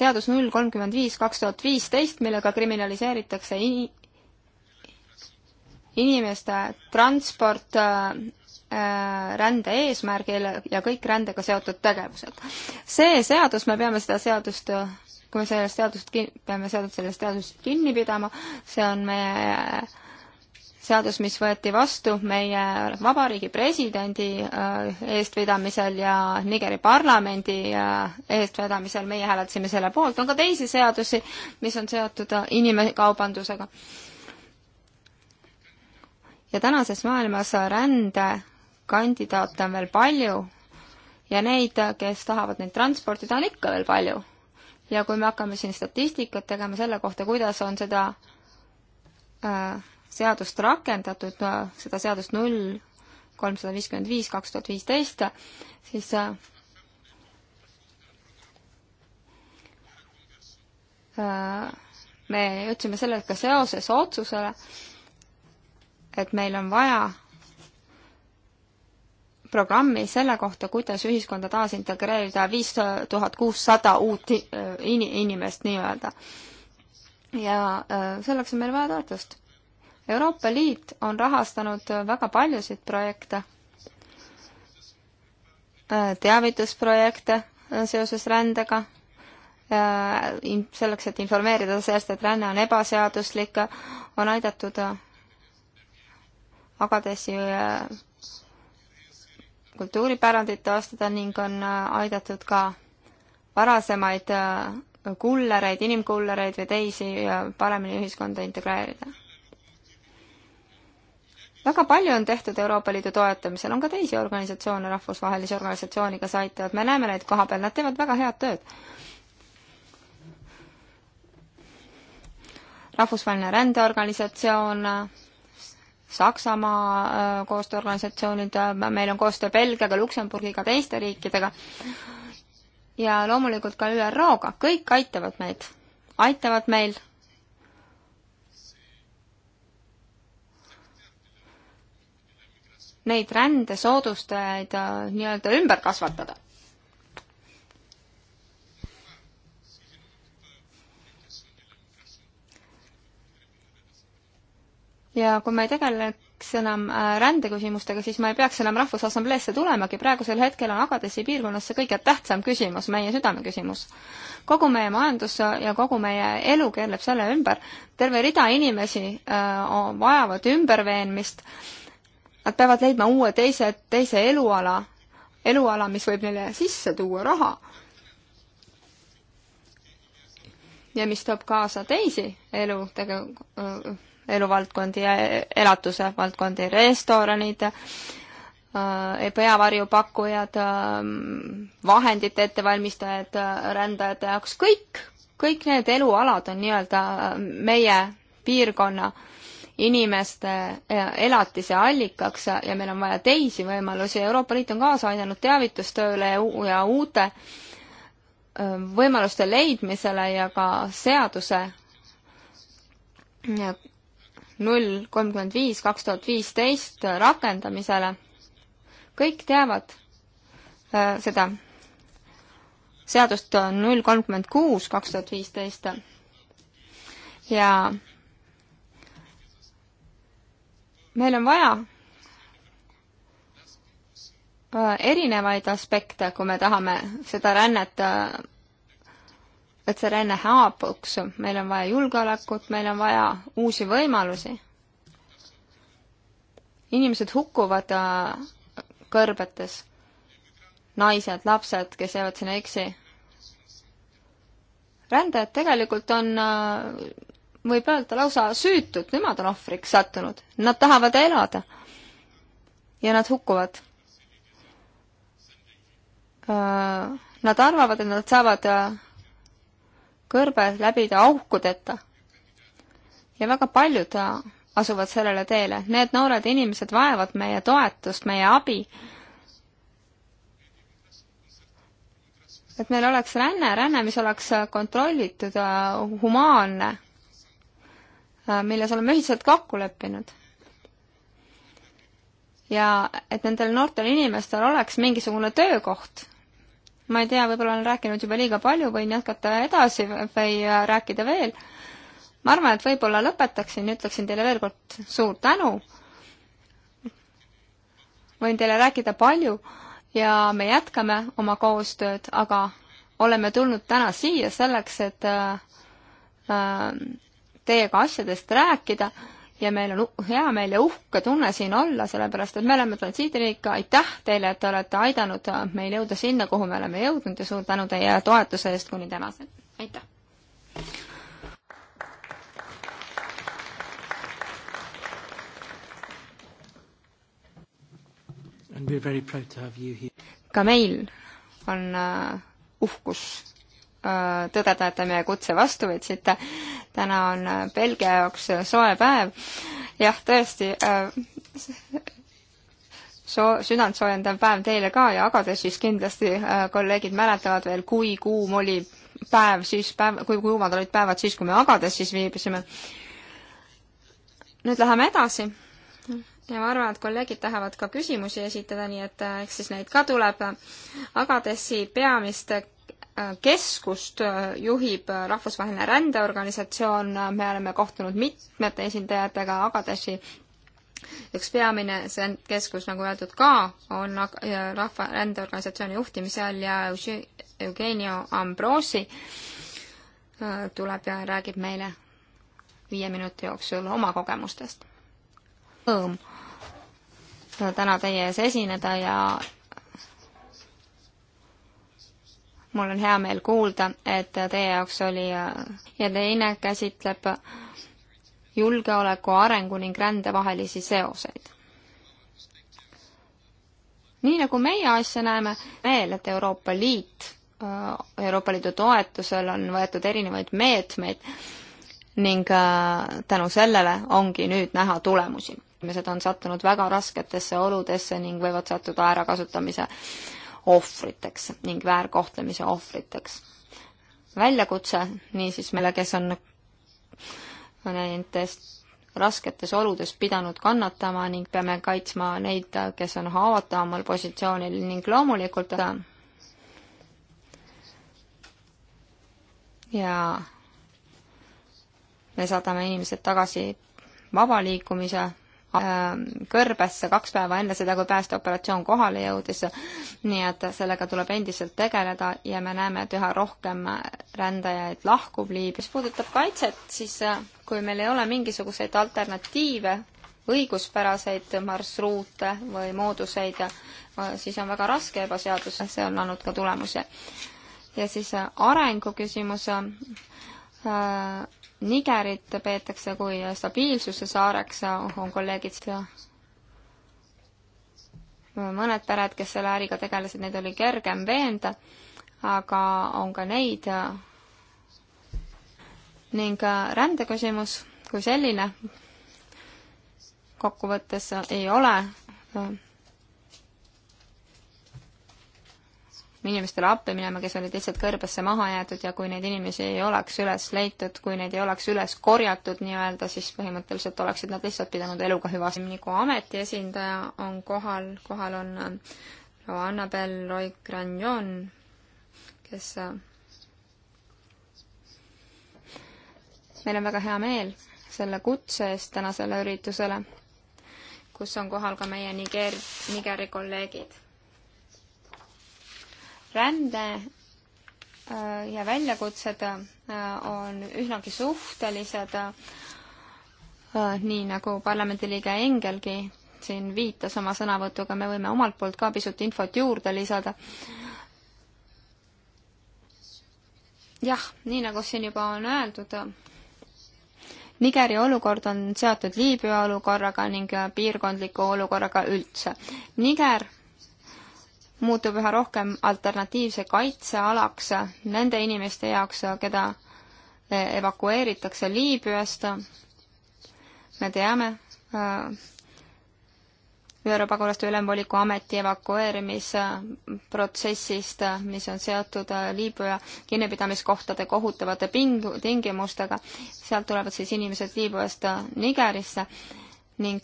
seadus null kolmkümmend viis kaks tuhat viisteist, millega kriminaliseeritakse inimeste transport äh, Äh, rände eesmärgil ja kõik rändega seotud tegevused. see seadus, me peame seda seadust kui me sellest seadust kin-, peame seadust, sellest seadusest kinni pidama, see on meie seadus, mis võeti vastu meie vabariigi presidendi äh, eestvedamisel ja Nigeri parlamendi äh, eestvedamisel, meie hääletasime selle poolt, on ka teisi seadusi, mis on seotud inimkaubandusega. ja tänases maailmas rände kandidaate on veel palju ja neid, kes tahavad neid transportida, on ikka veel palju. ja kui me hakkame siin statistikat tegema selle kohta, kuidas on seda äh, seadust rakendatud äh,, seda seadust null kolmsada viiskümmend viis kaks tuhat viisteist, siis äh, äh me jõudsime sellega seoses otsusele, et meil on vaja programmi selle kohta, kuidas ühiskonda taasintegreerida viis tuhat kuussada uut in inimest nii-öelda. ja äh, selleks on meil vaja toetust. Euroopa Liit on rahastanud väga paljusid projekte, äh, teavitusprojekte äh, seoses rändega, selleks, et informeerida sellest, et ränne on ebaseaduslik, on aidatud Agadesi kultuuripärandit taastada ning on äh, aidatud ka varasemaid äh, kullereid, inimkullereid või teisi paremini ühiskonda integreerida. väga palju on tehtud Euroopa Liidu toetamisel, on ka teisi organisatsioone, rahvusvahelisi organisatsioone, kes aitavad, me näeme neid koha peal, nad teevad väga head tööd rahvusvaheline rändeorganisatsioon, Saksamaa äh, koostööorganisatsioonid, äh, meil on koostöö Belgiaga, Luksemburgiga, teiste riikidega ja loomulikult ka ÜRO-ga, kõik aitavad meid, aitavad meil neid rändesoodustajaid äh, nii-öelda ümber kasvatada ja kui me ei tegeleks enam äh, rändeküsimustega, siis ma ei peaks enam Rahvusassambleesse tulemagi, praegusel hetkel on Agadesi piirkonnas see kõige tähtsam küsimus, meie südameküsimus. kogu meie majandus ja kogu meie elu keerleb selle ümber, terve rida inimesi äh, vajavad ümberveenmist, nad peavad leidma uue teise, teise eluala, eluala, mis võib neile sisse tuua raha. ja mis toob kaasa teisi elu tege-, eluvaldkondi ja elatuse valdkondi, restoranid, äh, e, peavarjupakkujad, äh, vahendite ettevalmistajad, rändajate jaoks, kõik, kõik need elualad on nii-öelda äh, meie piirkonna inimeste elatise allikaks ja meil on vaja teisi võimalusi. Euroopa Liit on kaasa aidanud teavitustööle ja uute võimaluste leidmisele ja ka seaduse null kolmkümmend viis kaks tuhat viisteist rakendamisele. kõik teavad äh, seda seadust null kolmkümmend kuus kaks tuhat viisteist ja meil on vaja äh, erinevaid aspekte, kui me tahame seda rännet äh, et see ränne haabuks, meil on vaja julgeolekut, meil on vaja uusi võimalusi. inimesed hukkuvad äh, kõrbetes, naised, lapsed, kes jäävad sinna eksi. rändajad tegelikult on, äh, võib öelda, lausa süütud, nemad on ohvriks sattunud, nad tahavad elada. ja nad hukkuvad. Äh, nad arvavad, et nad saavad kõrbe läbida aukudeta. ja väga paljud äh, asuvad sellele teele. Need noored inimesed vajavad meie toetust, meie abi. et meil oleks ränne, ränne, mis oleks äh, kontrollitud, äh, humaanne, milles oleme ühiselt kokku leppinud ja et nendel noortel inimestel oleks mingisugune töökoht, ma ei tea, võib-olla olen rääkinud juba liiga palju, võin jätkata edasi või rääkida veel. ma arvan, et võib-olla lõpetaksin, ütleksin teile veel kord suur tänu. võin teile rääkida palju ja me jätkame oma koostööd, aga oleme tulnud täna siia selleks, et äh, äh, teiega asjadest rääkida ja meil on hea meel ja uhke tunne siin olla, sellepärast et me oleme transiidiriik, aitäh teile, et te olete aidanud meil jõuda sinna, kuhu me oleme jõudnud ja suur tänu teie toetuse eest kuni tänaseni, aitäh! ka meil on äh, uhkus äh, tõdeda, et te meie kutse vastu võtsite täna on äh, Belgia jaoks äh, soe päev. jah, tõesti äh,, soo-, südantsoojendav päev teile ka ja Agadeshis kindlasti äh, kolleegid mäletavad veel, kui kuum oli päev siis, päev, kui kuumad olid päevad siis, kui me Agadeshis viibisime. nüüd läheme edasi ja ma arvan, et kolleegid tahavad ka küsimusi esitada, nii et äh, eks siis neid ka tuleb. Agadesi peamiste keskust äh, juhib äh, rahvusvaheline rändeorganisatsioon, me oleme kohtunud mitmete esindajatega, Agadeshi üks peamine see keskus, nagu öeldud ka, on rahva, rändeorganisatsiooni juhtimise all ja Eugenio Ambrosi äh, tuleb ja räägib meile viie minuti jooksul oma kogemustest. Rõõm täna teie ees esineda ja mul on hea meel kuulda, et teie jaoks oli ja teine käsitleb julgeoleku arengu ning rände vahelisi seoseid. nii nagu meie asja näeme, meel, et Euroopa Liit, Euroopa Liidu toetusel on võetud erinevaid meetmeid ning tänu sellele ongi nüüd näha tulemusi. inimesed on sattunud väga rasketesse oludesse ning võivad sattuda äärakasutamise äh, ohvriteks ning väärkohtlemise ohvriteks. väljakutse niisiis meile, kes on nendest rasketes oludes pidanud kannatama ning peame kaitsma neid, kes on haavatavamal positsioonil ning loomulikult ja me saadame inimesed tagasi vaba liikumise Äh, kõrbesse kaks päeva enne seda, kui päästeoperatsioon kohale jõudis. nii et sellega tuleb endiselt tegeleda ja me näeme, et üha rohkem rändajaid lahkub Liibüa. mis puudutab kaitset, siis äh, kui meil ei ole mingisuguseid alternatiive, õiguspäraseid marsruute või mooduseid, äh, siis on väga raske ebaseadus, see on andnud ka tulemusi. ja siis arengu küsimus Nigerit peetakse kui stabiilsuse saareks, on kolleegid ja mõned pered, kes selle äriga tegelesid, neid oli kergem veenda, aga on ka neid. ning äh, rändeküsimus kui selline kokkuvõttes ei ole äh, inimestele appi minema, kes olid lihtsalt kõrbesse maha jäetud ja kui neid inimesi ei oleks üles leitud, kui neid ei oleks üles korjatud nii-öelda, siis põhimõtteliselt oleksid nad lihtsalt pidanud eluga hüvasti. nagu ameti esindaja on kohal, kohal on äh, proua Annabel Roik-Ranjon, kes äh, meil on väga hea meel selle kutse eest tänasele üritusele, kus on kohal ka meie Niger-, Nigeri kolleegid rände äh, ja väljakutsed äh, on üsnagi suhtelised, äh, nii nagu parlamendiliige Engelgi siin viitas oma sõnavõtuga, me võime omalt poolt ka pisut infot juurde lisada. jah, nii nagu siin juba on öeldud, Nigeri olukord on seotud Liibüa olukorraga ning piirkondliku olukorraga üldse. Niger muutub üha rohkem alternatiivse kaitsealaks nende inimeste jaoks, keda evakueeritakse Liibüast. me teame äh, ÜRO pagulaste ülemvoliku ameti evakueerimisprotsessist, mis on seotud äh, Liibüa kinnipidamiskohtade kohutavate ping-, tingimustega. sealt tulevad siis inimesed Liibüast äh, Nigerisse ning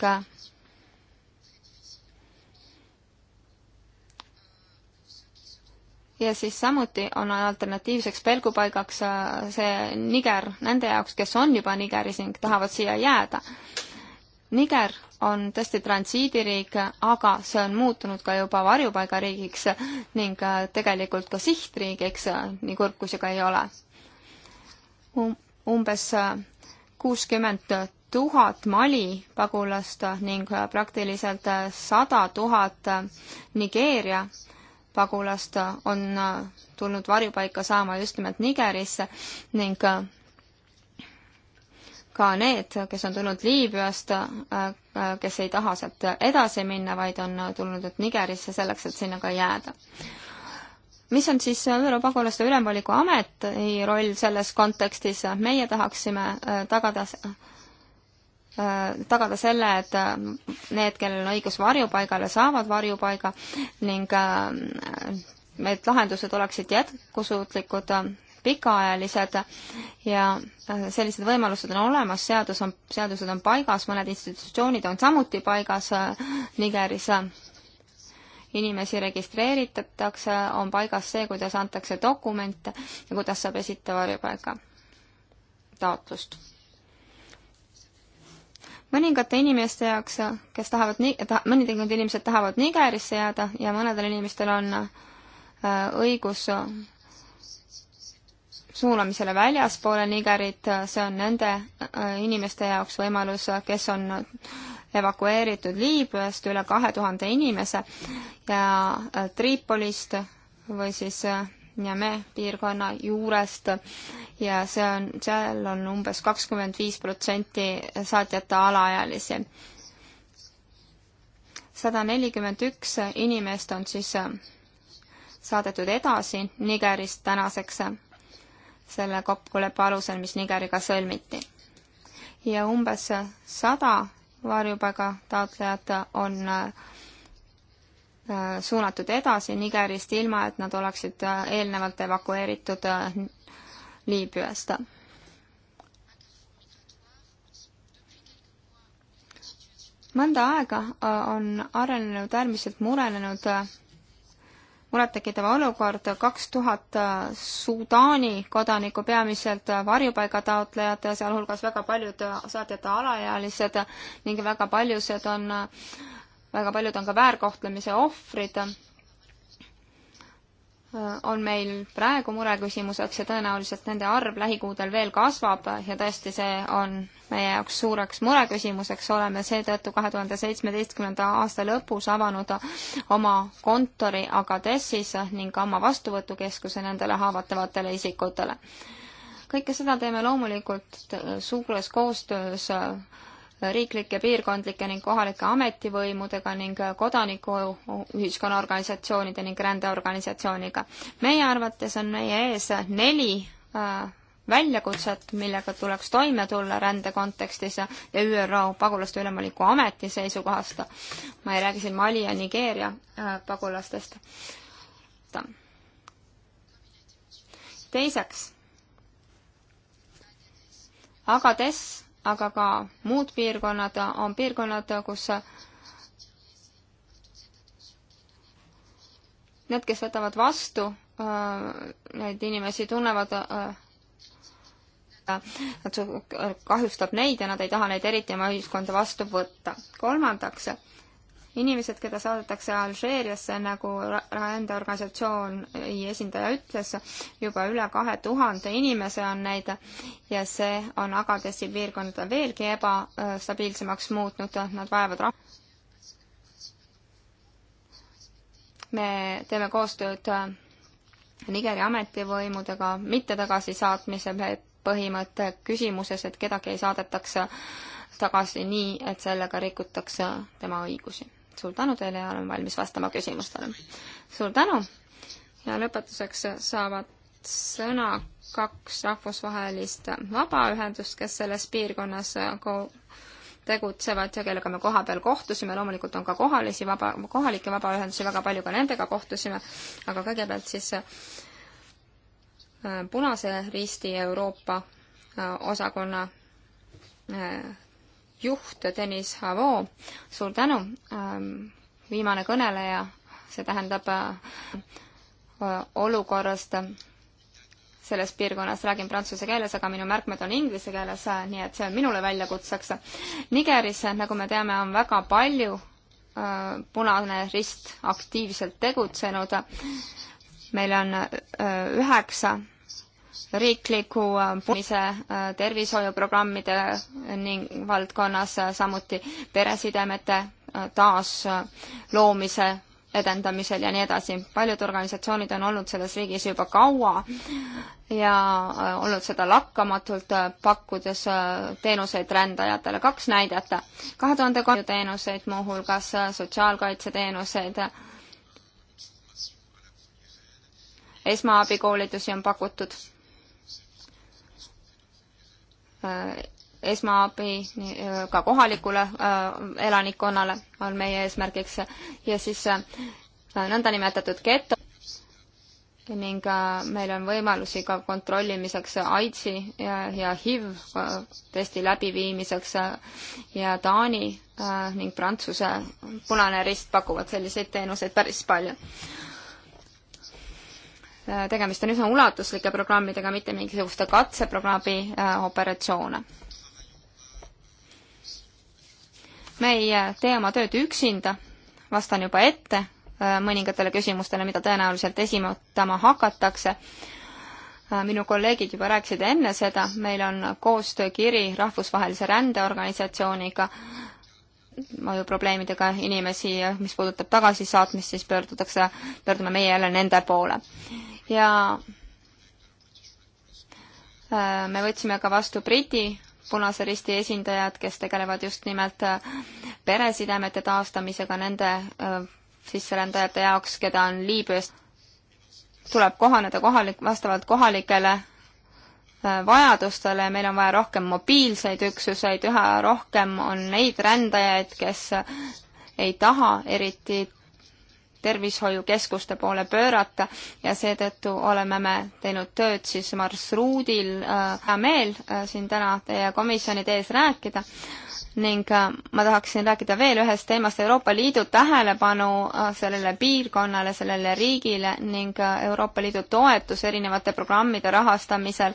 ja siis samuti on alternatiivseks pelgupaigaks äh, see Niger nende jaoks, kes on juba Nigeris ning tahavad siia jääda. Niger on tõesti transiidiriik, aga see on muutunud ka juba varjupaigariigiks ning äh, tegelikult ka sihtriigiks, äh, nii kurb kui see ka ei ole um,. umbes kuuskümmend tuhat Mali pagulast ning praktiliselt sada tuhat Nigeeria pagulast on äh, tulnud varjupaika saama just nimelt Nigerisse ning äh, ka need, kes on tulnud Liibüast, äh, kes ei taha sealt edasi minna, vaid on tulnud Nigerisse selleks, et sinna ka jääda. mis on siis ÜRO pagulaste ülemvoliku ameti roll selles kontekstis, meie tahaksime tagada Äh, tagada selle, et äh, need, kellel on õigus varjupaigale, saavad varjupaiga ning äh, et lahendused oleksid jätkusuutlikud, pikaajalised ja sellised võimalused on olemas, seadus on, seadused on paigas, mõned institutsioonid on samuti paigas Nigeris inimesi registreeritatakse, on paigas see, kuidas antakse dokumente ja kuidas saab esita varjupaiga taotlust mõningate inimeste jaoks, kes tahavad nii ta,, mõningad inimesed tahavad Nigerisse jääda ja mõnedel inimestel on äh, õigus suunamisele väljaspoole Nigerit, see on nende äh, inimeste jaoks võimalus, kes on evakueeritud Liibüast üle kahe tuhande inimese ja äh, Tripolist või siis äh, Njame piirkonna juurest ja see on, seal on umbes kakskümmend viis protsenti saatjate alaealisi. sada nelikümmend üks inimest on siis saadetud edasi Nigerist tänaseks selle kokkuleppe alusel, mis Nigeriga sõlmiti. ja umbes sada varjupaiga taotlejat on äh, Äh, suunatud edasi Nigerist, ilma et nad oleksid äh, eelnevalt evakueeritud äh, Liibüast. mõnda aega on arenenud äärmiselt murenenud, murettekitav olukord, kaks tuhat Sudaani kodanikku, peamiselt varjupaigataotlejad, sealhulgas väga paljud saatjate alaealised ning väga paljused on äh, väga paljud on ka väärkohtlemise ohvrid, on meil praegu mureküsimuseks ja tõenäoliselt nende arv lähikuudel veel kasvab ja tõesti, see on meie jaoks suureks mureküsimuseks, oleme seetõttu kahe tuhande seitsmeteistkümnenda aasta lõpus avanud oma kontori Agadessis ning oma vastuvõtukeskuse nendele haavatavatele isikutele. kõike seda teeme loomulikult suures koostöös riiklike, piirkondlike ning kohalike ametivõimudega ning kodanikuühiskonna organisatsioonide ning rändeorganisatsiooniga. meie arvates on meie ees neli äh, väljakutset, millega tuleks toime tulla rände kontekstis ja ÜRO pagulaste ülemaliku ameti seisukohast. ma ei räägi siin Mali ja Nigeeria äh, pagulastest. teiseks, Agades aga ka muud piirkonnad on piirkonnad, kus need, kes võtavad vastu äh, neid inimesi, tunnevad äh, nad kahjustab neid ja nad ei taha neid eriti oma ühiskonda vastu võtta. kolmandaks inimesed, keda saadetakse Alžeeriasse, nagu enda organisatsiooni esindaja ütles, juba üle kahe tuhande inimese on neid ja see on Agadesi piirkonda veelgi ebastabiilsemaks muutnud, nad vajavad rah-. me teeme koostööd Nigeri ametivõimudega mitte tagasisaatmise põhimõtte küsimuses, et kedagi ei saadetaks tagasi nii, et sellega rikutakse tema õigusi suur tänu teile ja olen valmis vastama küsimustele. suur tänu ja lõpetuseks saavad sõna kaks rahvusvahelist vabaühendust, kes selles piirkonnas tegutsevad ja kellega me kohapeal kohtusime, loomulikult on ka kohalisi vaba, kohalikke vabaühendusi väga palju, ka nendega kohtusime, aga kõigepealt siis äh, Punase Risti Euroopa äh, osakonna äh, juht Deniss Havo, suur tänu, ähm, viimane kõneleja, see tähendab äh, olukorrast selles piirkonnas, räägin prantsuse keeles, aga minu märkmed on inglise keeles, äh, nii et see on minule väljakutseks. Nigeris, nagu me teame, on väga palju äh, Punane Rist aktiivselt tegutsenud. meil on üheksa riikliku äh, puhkuse äh, tervishoiuprogrammide äh, ning valdkonnas, samuti peresidemete taasloomise edendamisel ja nii edasi. paljud organisatsioonid on olnud selles riigis juba kaua ja olnud seda lakkamatult, pakkudes teenuseid rändajatele. kaks näidet. kahe tuhande kolm- teenuseid, muuhulgas sotsiaalkaitseteenuseid, esmaabikoolitusi on pakutud Äh, esmaabi äh, ka kohalikule äh, elanikkonnale on meie eesmärgiks ja siis nõndanimetatud geto ning meil on võimalusi ka kontrollimiseks AIDSi ja, ja HIV testi läbiviimiseks ja Taani ning Prantsuse Punane Rist pakuvad selliseid teenuseid päris palju tegemist on üsna ulatuslike programmidega, mitte mingisuguste katseprogrammi äh, operatsioone. me ei äh, tee oma tööd üksinda, vastan juba ette äh, mõningatele küsimustele, mida tõenäoliselt esimotama hakatakse. minu kolleegid juba rääkisid enne seda, meil on koostöökiri Rahvusvahelise Rändeorganisatsiooniga, mõjuprobleemidega inimesi, mis puudutab tagasisaatmist, siis pöördutakse, pöördume meie jälle nende poole ja äh, me võtsime ka vastu Briti Punase Risti esindajad, kes tegelevad just nimelt äh, peresidemete taastamisega nende äh, sisserändajate jaoks, keda on Liibüast, tuleb kohaneda kohalik, vastavalt kohalikele vajadustele ja meil on vaja rohkem mobiilseid üksuseid, üha rohkem on neid rändajaid, kes ei taha eriti tervishoiukeskuste poole pöörata ja seetõttu oleme me teinud tööd siis marsruudil. Äh, hea meel äh, siin täna teie komisjonide ees rääkida ning äh, ma tahaksin rääkida veel ühest teemast, Euroopa Liidu tähelepanu sellele piirkonnale, sellele riigile ning Euroopa Liidu toetus erinevate programmide rahastamisel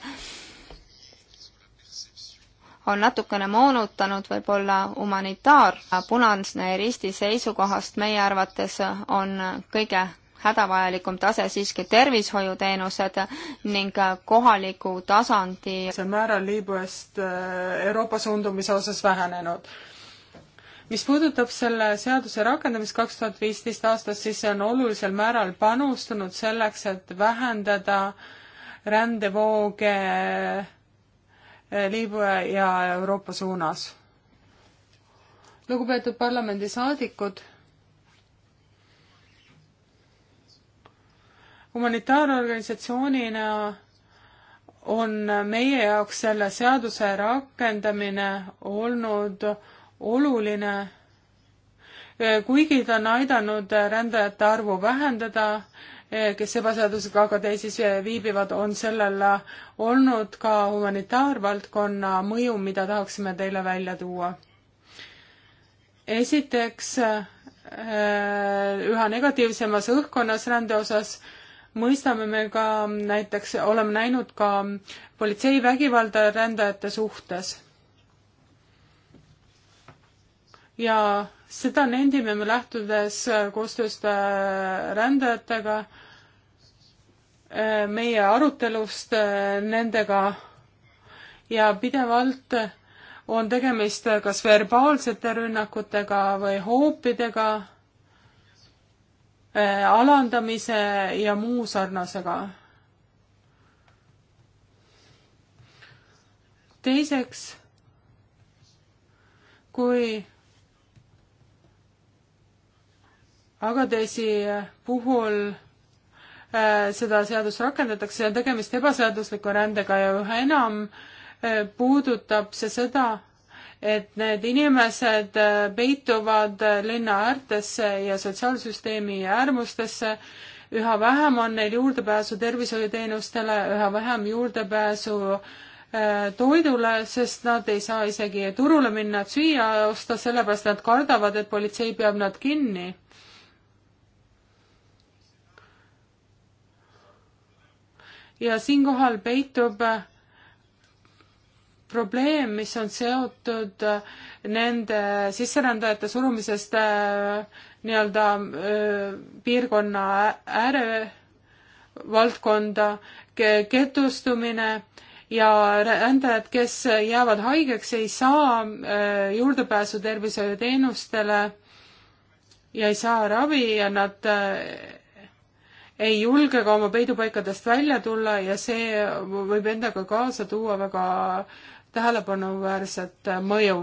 on natukene moonutanud võib-olla humanitaar. punane risti seisukohast meie arvates on kõige hädavajalikum tase siiski tervishoiuteenused ning kohaliku tasandi see määral Liibüast äh, Euroopa suundumise osas vähenenud. mis puudutab selle seaduse rakendamist kaks tuhat viisteist aastast, siis see on olulisel määral panustanud selleks, et vähendada rändevooge Äh, Liibüa ja Euroopa suunas. lugupeetud parlamendisaadikud, humanitaarorganisatsioonina on meie jaoks selle seaduse rakendamine olnud oluline kuigi ta on aidanud rändajate arvu vähendada, Eh, kes ebaseadusega aga teises eh, viibivad, on sellel eh, olnud ka humanitaarvaldkonna mõju, mida tahaksime teile välja tuua. esiteks üha negatiivsemas õhkkonnas rände osas mõistame me ka näiteks, oleme näinud ka politsei vägivalda rändajate suhtes ja seda nendime me lähtudes koostööst rändajatega meie arutelust äh, nendega ja pidevalt on tegemist kas verbaalsete rünnakutega või hoopidega, äh, alandamise ja muu sarnasega. teiseks, kui Agadesi puhul Äh, seda seadust rakendatakse ja tegemist ebaseadusliku rändega ja üha enam äh, puudutab see seda, et need inimesed äh, peituvad linna äärtesse ja sotsiaalsüsteemi äärmustesse, üha vähem on neil juurdepääsu tervishoiuteenustele, üha vähem juurdepääsu toidule, sest nad ei saa isegi turule minna, et süüa osta, sellepärast nad kardavad, et politsei peab nad kinni ja siinkohal peitub äh, probleem, mis on seotud äh, nende sisserändajate surumisest äh, nii-öelda piirkonna äärevaldkonda, getostumine ja rändajad, kes jäävad haigeks, ei saa juurdepääsu tervishoiuteenustele ja ei saa ravi ja nad ei julge ka oma peidupaikadest välja tulla ja see võib endaga kaasa tuua väga tähelepanuväärset mõju.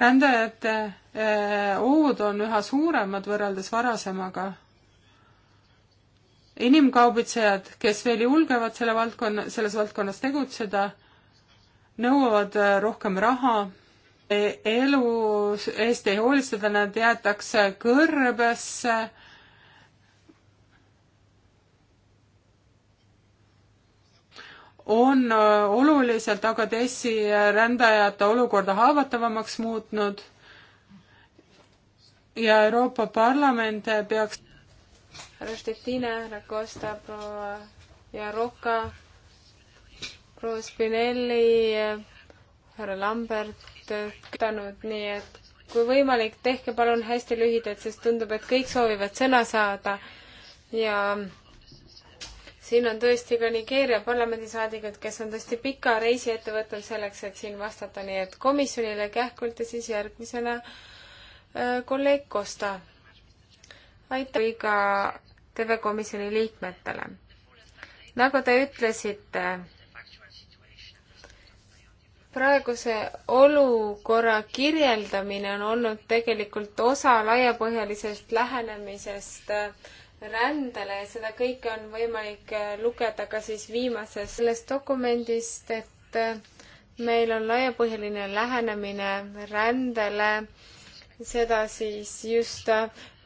rändajate eh, ohud on üha suuremad võrreldes varasemaga inimkaubitsejad, kes veel julgevad selle valdkonna, selles valdkonnas tegutseda, nõuavad eh, rohkem raha elu eest ei hoolitseda, nad jäetakse kõrbesse. on oluliselt aga teisi rändajate olukorda haavatavamaks muutnud. ja Euroopa Parlament peaks. härra Stettina, härra Costa, proua ja Roka, proua Spinelli, härra Lambert nüüd äh, kütanud, nii et kui võimalik, tehke palun hästi lühidalt, sest tundub, et kõik soovivad sõna saada ja siin on tõesti ka Nigeeria parlamendisaadikud, kes on tõesti pika reisi ette võtnud selleks, et siin vastata, nii et komisjonile kähkult ja siis järgmisena äh, kolleeg Kosta. aitäh kui ka TV Komisjoni liikmetele. nagu te ütlesite, praeguse olukorra kirjeldamine on olnud tegelikult osa laiapõhjalisest lähenemisest äh, rändele ja seda kõike on võimalik äh, lugeda ka siis viimasest sellest dokumendist, et äh, meil on laiapõhjaline lähenemine rändele, seda siis just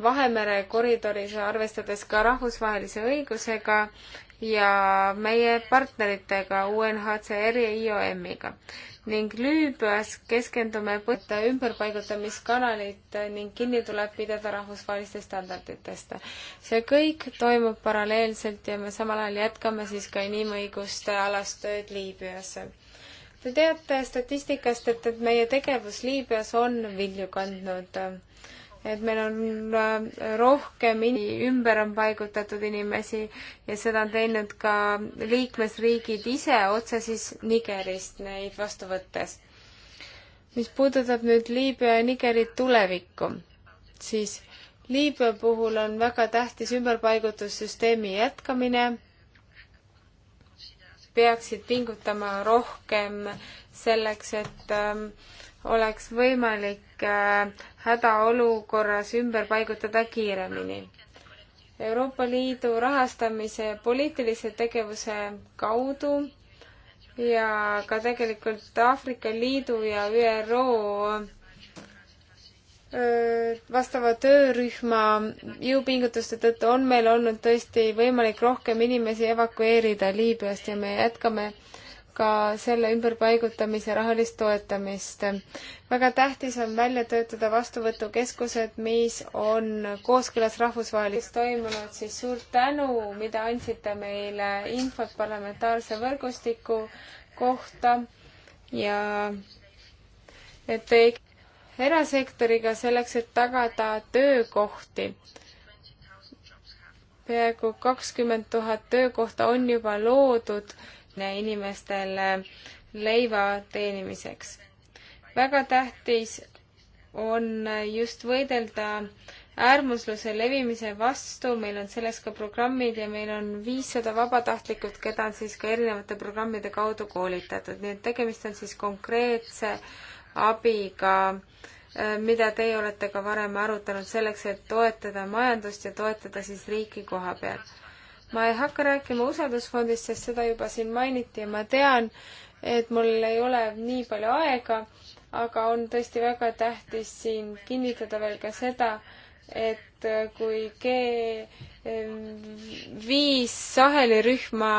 Vahemere koridoris, arvestades ka rahvusvahelise õigusega ja meie partneritega UNHCR-i ja IOM-iga ning Lüübias keskendume võtta ümberpaigutamiskanalid ning kinni tuleb pidada rahvusvahelistest standarditest. see kõik toimub paralleelselt ja me samal ajal jätkame siis ka inimõiguste alast tööd Liibüas. Te teate statistikast, et, et meie tegevus Liibüas on vilju kandnud et meil on äh, rohkem in-, ümber on paigutatud inimesi ja seda on teinud ka liikmesriigid ise otse siis Nigerist neid vastu võttes. mis puudutab nüüd Liibüa ja Nigeri tulevikku, siis Liibüa puhul on väga tähtis ümberpaigutussüsteemi jätkamine, peaksid pingutama rohkem selleks, et ähm, oleks võimalik äh, hädaolukorras ümber paigutada kiiremini. Euroopa Liidu rahastamise poliitilise tegevuse kaudu ja ka tegelikult Aafrika Liidu ja ÜRO äh, vastava töörühma jõupingutuste tõttu on meil olnud tõesti võimalik rohkem inimesi evakueerida Liibüast ja me jätkame äh, ka selle ümberpaigutamise rahalist toetamist. väga tähtis on välja töötada vastuvõtukeskused, mis on kooskõlas rahvusvahelist toimunud, siis suur tänu, mida andsite meile infot parlamentaarse võrgustiku kohta ja et te erasektoriga selleks, et tagada töökohti peaaegu kakskümmend tuhat töökohta on juba loodud lihtne inimestele leiva teenimiseks. väga tähtis on just võidelda äärmusluse levimise vastu, meil on selleks ka programmid ja meil on viissada vabatahtlikult, keda on siis ka erinevate programmide kaudu koolitatud, nii et tegemist on siis konkreetse abiga, eh, mida teie olete ka varem arutanud selleks, et toetada majandust ja toetada siis riiki koha peal ma ei hakka rääkima usaldusfondist, sest seda juba siin mainiti ja ma tean, et mul ei ole nii palju aega, aga on tõesti väga tähtis siin kinnitada veel ka seda, et kui G5 Saheli rühma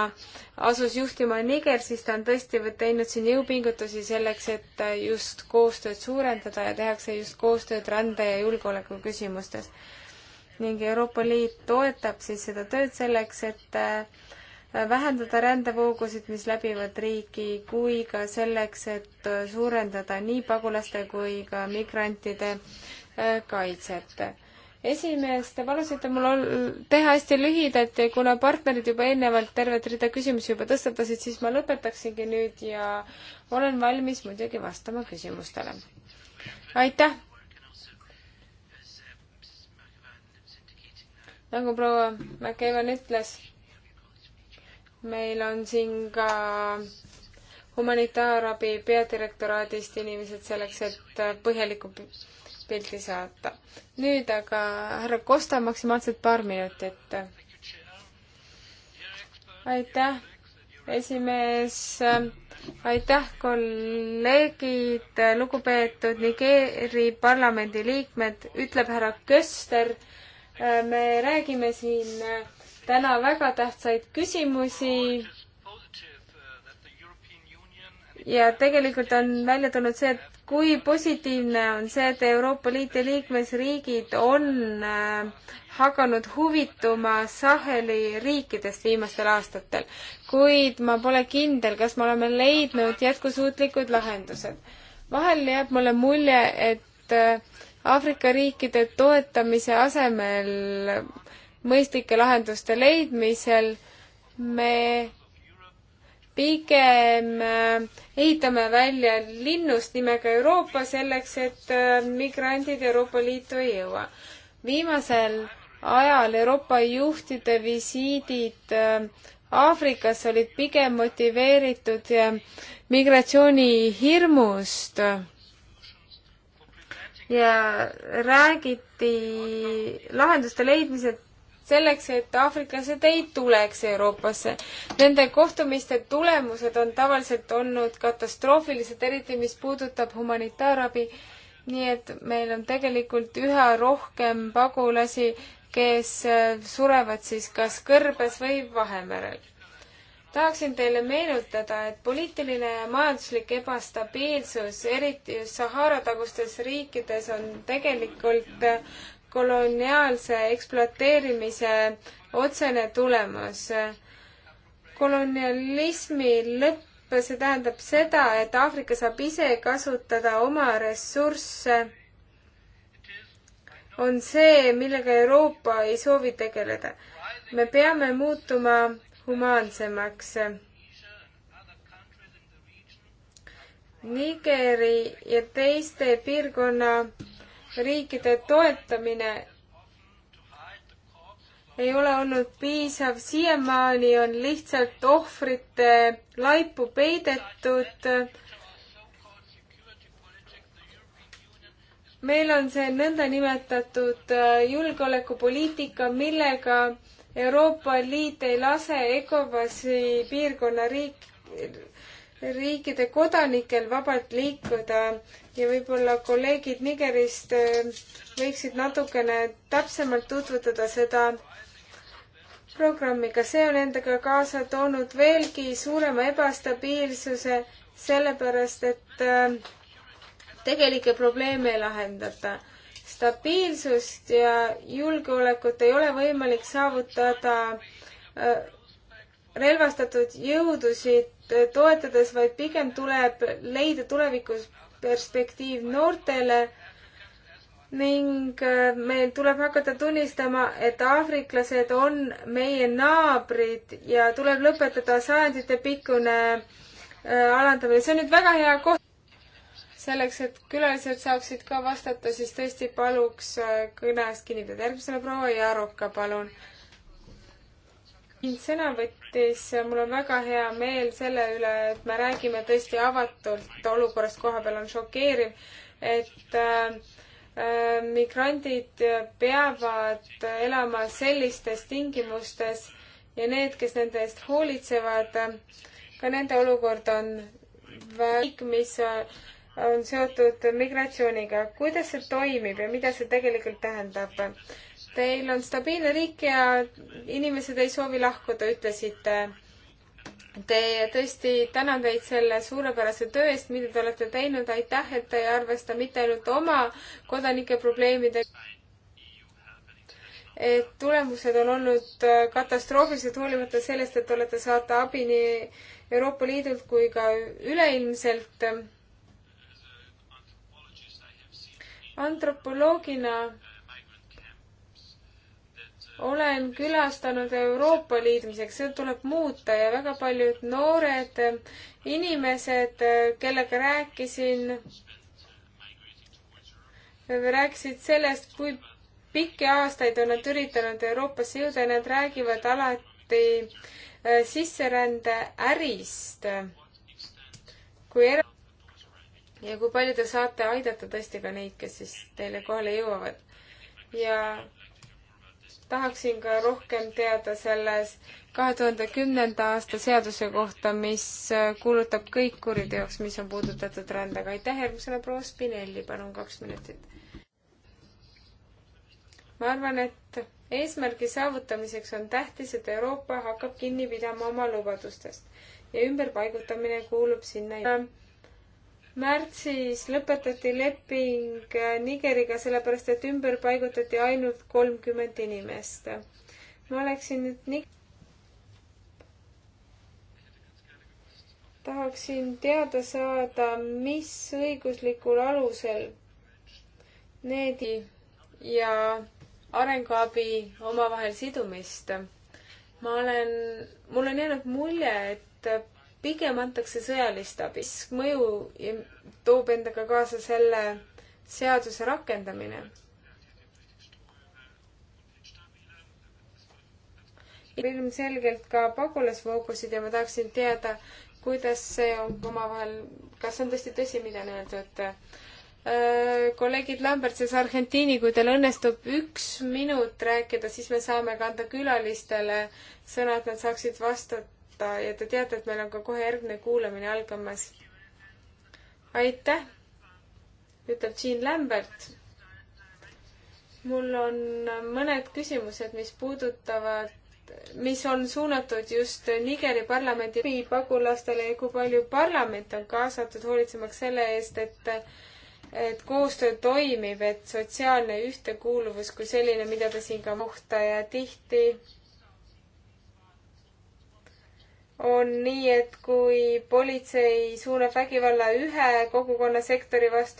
asus juhtima Niger, siis ta on tõesti teinud siin jõupingutusi selleks, et just koostööd suurendada ja tehakse just koostööd rände ja julgeoleku küsimustes ning Euroopa Liit toetab siis seda tööd selleks, et äh, vähendada rändevoogusid, mis läbivad riigi, kui ka selleks, et suurendada nii pagulaste kui ka migrantide äh, kaitset. esimees, te palusite mul ol-, teha hästi lühidalt ja kuna partnerid juba eelnevalt tervet rida küsimusi juba tõstatasid, siis ma lõpetaksingi nüüd ja olen valmis muidugi vastama küsimustele. aitäh! nagu proua McEvan ütles, meil on siin ka humanitaarabi peadirektoraadist inimesed selleks, et põhjalikku pildi saata. nüüd aga härra Kosta, maksimaalselt paar minutit. aitäh, esimees, aitäh, kolleegid, lugupeetud Nigeeri parlamendi liikmed, ütleb härra Köster Äh, me räägime siin äh, täna väga tähtsaid küsimusi. ja tegelikult on välja tulnud see, et kui positiivne on see, et Euroopa Liidu liikmesriigid on äh, hakanud huvituma Saheli riikidest viimastel aastatel, kuid ma pole kindel, kas me oleme leidnud jätkusuutlikud lahendused. vahel jääb mulle mulje, et Aafrika riikide toetamise asemel mõistlike lahenduste leidmisel me pigem äh, ehitame välja linnust nimega Euroopa selleks, et äh, migrandid Euroopa Liitu ei jõua. viimasel ajal Euroopa juhtide visiidid äh, Aafrikas olid pigem motiveeritud migratsiooni hirmust ja räägiti lahenduste leidmise selleks, et aafriklased ei tuleks Euroopasse. Nende kohtumiste tulemused on tavaliselt olnud katastroofilised, eriti mis puudutab humanitaarabi. nii et meil on tegelikult üha rohkem pagulasi, kes surevad siis kas kõrbes või Vahemerel tahaksin teile meenutada, et poliitiline ja majanduslik ebastabiilsus, eriti just Sahara tagustes riikides, on tegelikult koloniaalse ekspluateerimise otsene tulemus. kolonialismi lõpp, see tähendab seda, et Aafrika saab ise kasutada oma ressursse, on see, millega Euroopa ei soovi tegeleda. me peame muutuma humaansemaks. Nigeri ja teiste piirkonna riikide toetamine ei ole olnud piisav, siiamaani on lihtsalt ohvrite laipu peidetud. meil on see nõndanimetatud äh, julgeolekupoliitika, millega Euroopa Liit ei lase ECOWAS-i piirkonna riik, riikide kodanikel vabalt liikuda ja võib-olla kolleegid Nigerist äh, võiksid natukene täpsemalt tutvutada seda programmiga, see on endaga kaasa toonud veelgi suurema ebastabiilsuse, sellepärast et äh, tegelikke probleeme ei lahendata stabiilsust ja julgeolekut ei ole võimalik saavutada äh, relvastatud jõudusid äh, toetades, vaid pigem tuleb leida tulevikus perspektiiv noortele ning äh, meil tuleb hakata tunnistama, et aafriklased on meie naabrid ja tuleb lõpetada sajanditepikkune alandamine. see on nüüd väga hea koht selleks, et külalised saaksid ka vastata, siis tõesti paluks äh, kõnest kinnitada. järgmisena proua Jaruka, palun. mind sõna võttis, mul on väga hea meel selle üle, et me räägime tõesti avatult, olukorrast koha peal on šokeeriv, et äh, äh migrandid peavad elama sellistes tingimustes ja need, kes nende eest hoolitsevad, ka nende olukord on väik, mis on seotud migratsiooniga. kuidas see toimib ja mida see tegelikult tähendab? Teil on stabiilne riik ja inimesed ei soovi lahkuda, ütlesite. Te tõesti tänan teid selle suurepärase töö eest, mida te olete teinud, aitäh, et te ei arvesta mitte ainult oma kodanike probleemidega. et tulemused on olnud äh, katastroofilised, hoolimata sellest, et olete saate abi nii Euroopa Liidult kui ka üleilmselt antropoloogina olen külastanud Euroopa liidumiseks, seda tuleb muuta ja väga paljud noored inimesed, kellega rääkisin, rääkisid sellest, kui pikki aastaid on nad üritanud Euroopasse jõuda ja nad räägivad alati äh, sisserände ärist kui era- ja kui palju te saate aidata tõesti ka neid, kes siis teile kohale jõuavad. ja tahaksin ka rohkem teada selles kahe tuhande kümnenda aasta seaduse kohta, mis äh, kuulutab kõik kuriteoks, mis on puudutatud rändega. aitäh, järgmisena proua Spinelli, palun kaks minutit. ma arvan, et eesmärgi saavutamiseks on tähtis, et Euroopa hakkab kinni pidama oma lubadustest ja ümberpaigutamine kuulub sinna märtsis lõpetati leping Nigeriga, sellepärast et ümber paigutati ainult kolmkümmend inimest. ma oleksin nüüd nii. tahaksin teada saada, mis õiguslikul alusel need ja arenguabi omavahel sidumist. ma olen, mul on jäänud mulje, et pigem antakse sõjalist abi. mõju toob endaga kaasa selle seaduse rakendamine. ilmselgelt ka pagulasvoogusid ja ma tahaksin teada, kuidas see on omavahel, kas on tõesti tõsi, mida on öeldud? Äh, kolleegid Lambertses Argentiini, kui teil õnnestub üks minut rääkida, siis me saame ka anda külalistele sõna, et nad saaksid vastata võtta ja te teate, et meil on ka kohe järgmine kuulamine algamas. aitäh, ütleb Jean Lambert. mul on mõned küsimused, mis puudutavad, mis on suunatud just Nigeri parlamendi pagulastele ja kui palju parlament on kaasatud hoolitsemaks selle eest, et et koostöö toimib, et sotsiaalne ühtekuuluvus kui selline, mida te siin ka muhta ja tihti on nii, et kui politsei suunab vägivalla ühe kogukonnasektori vastu,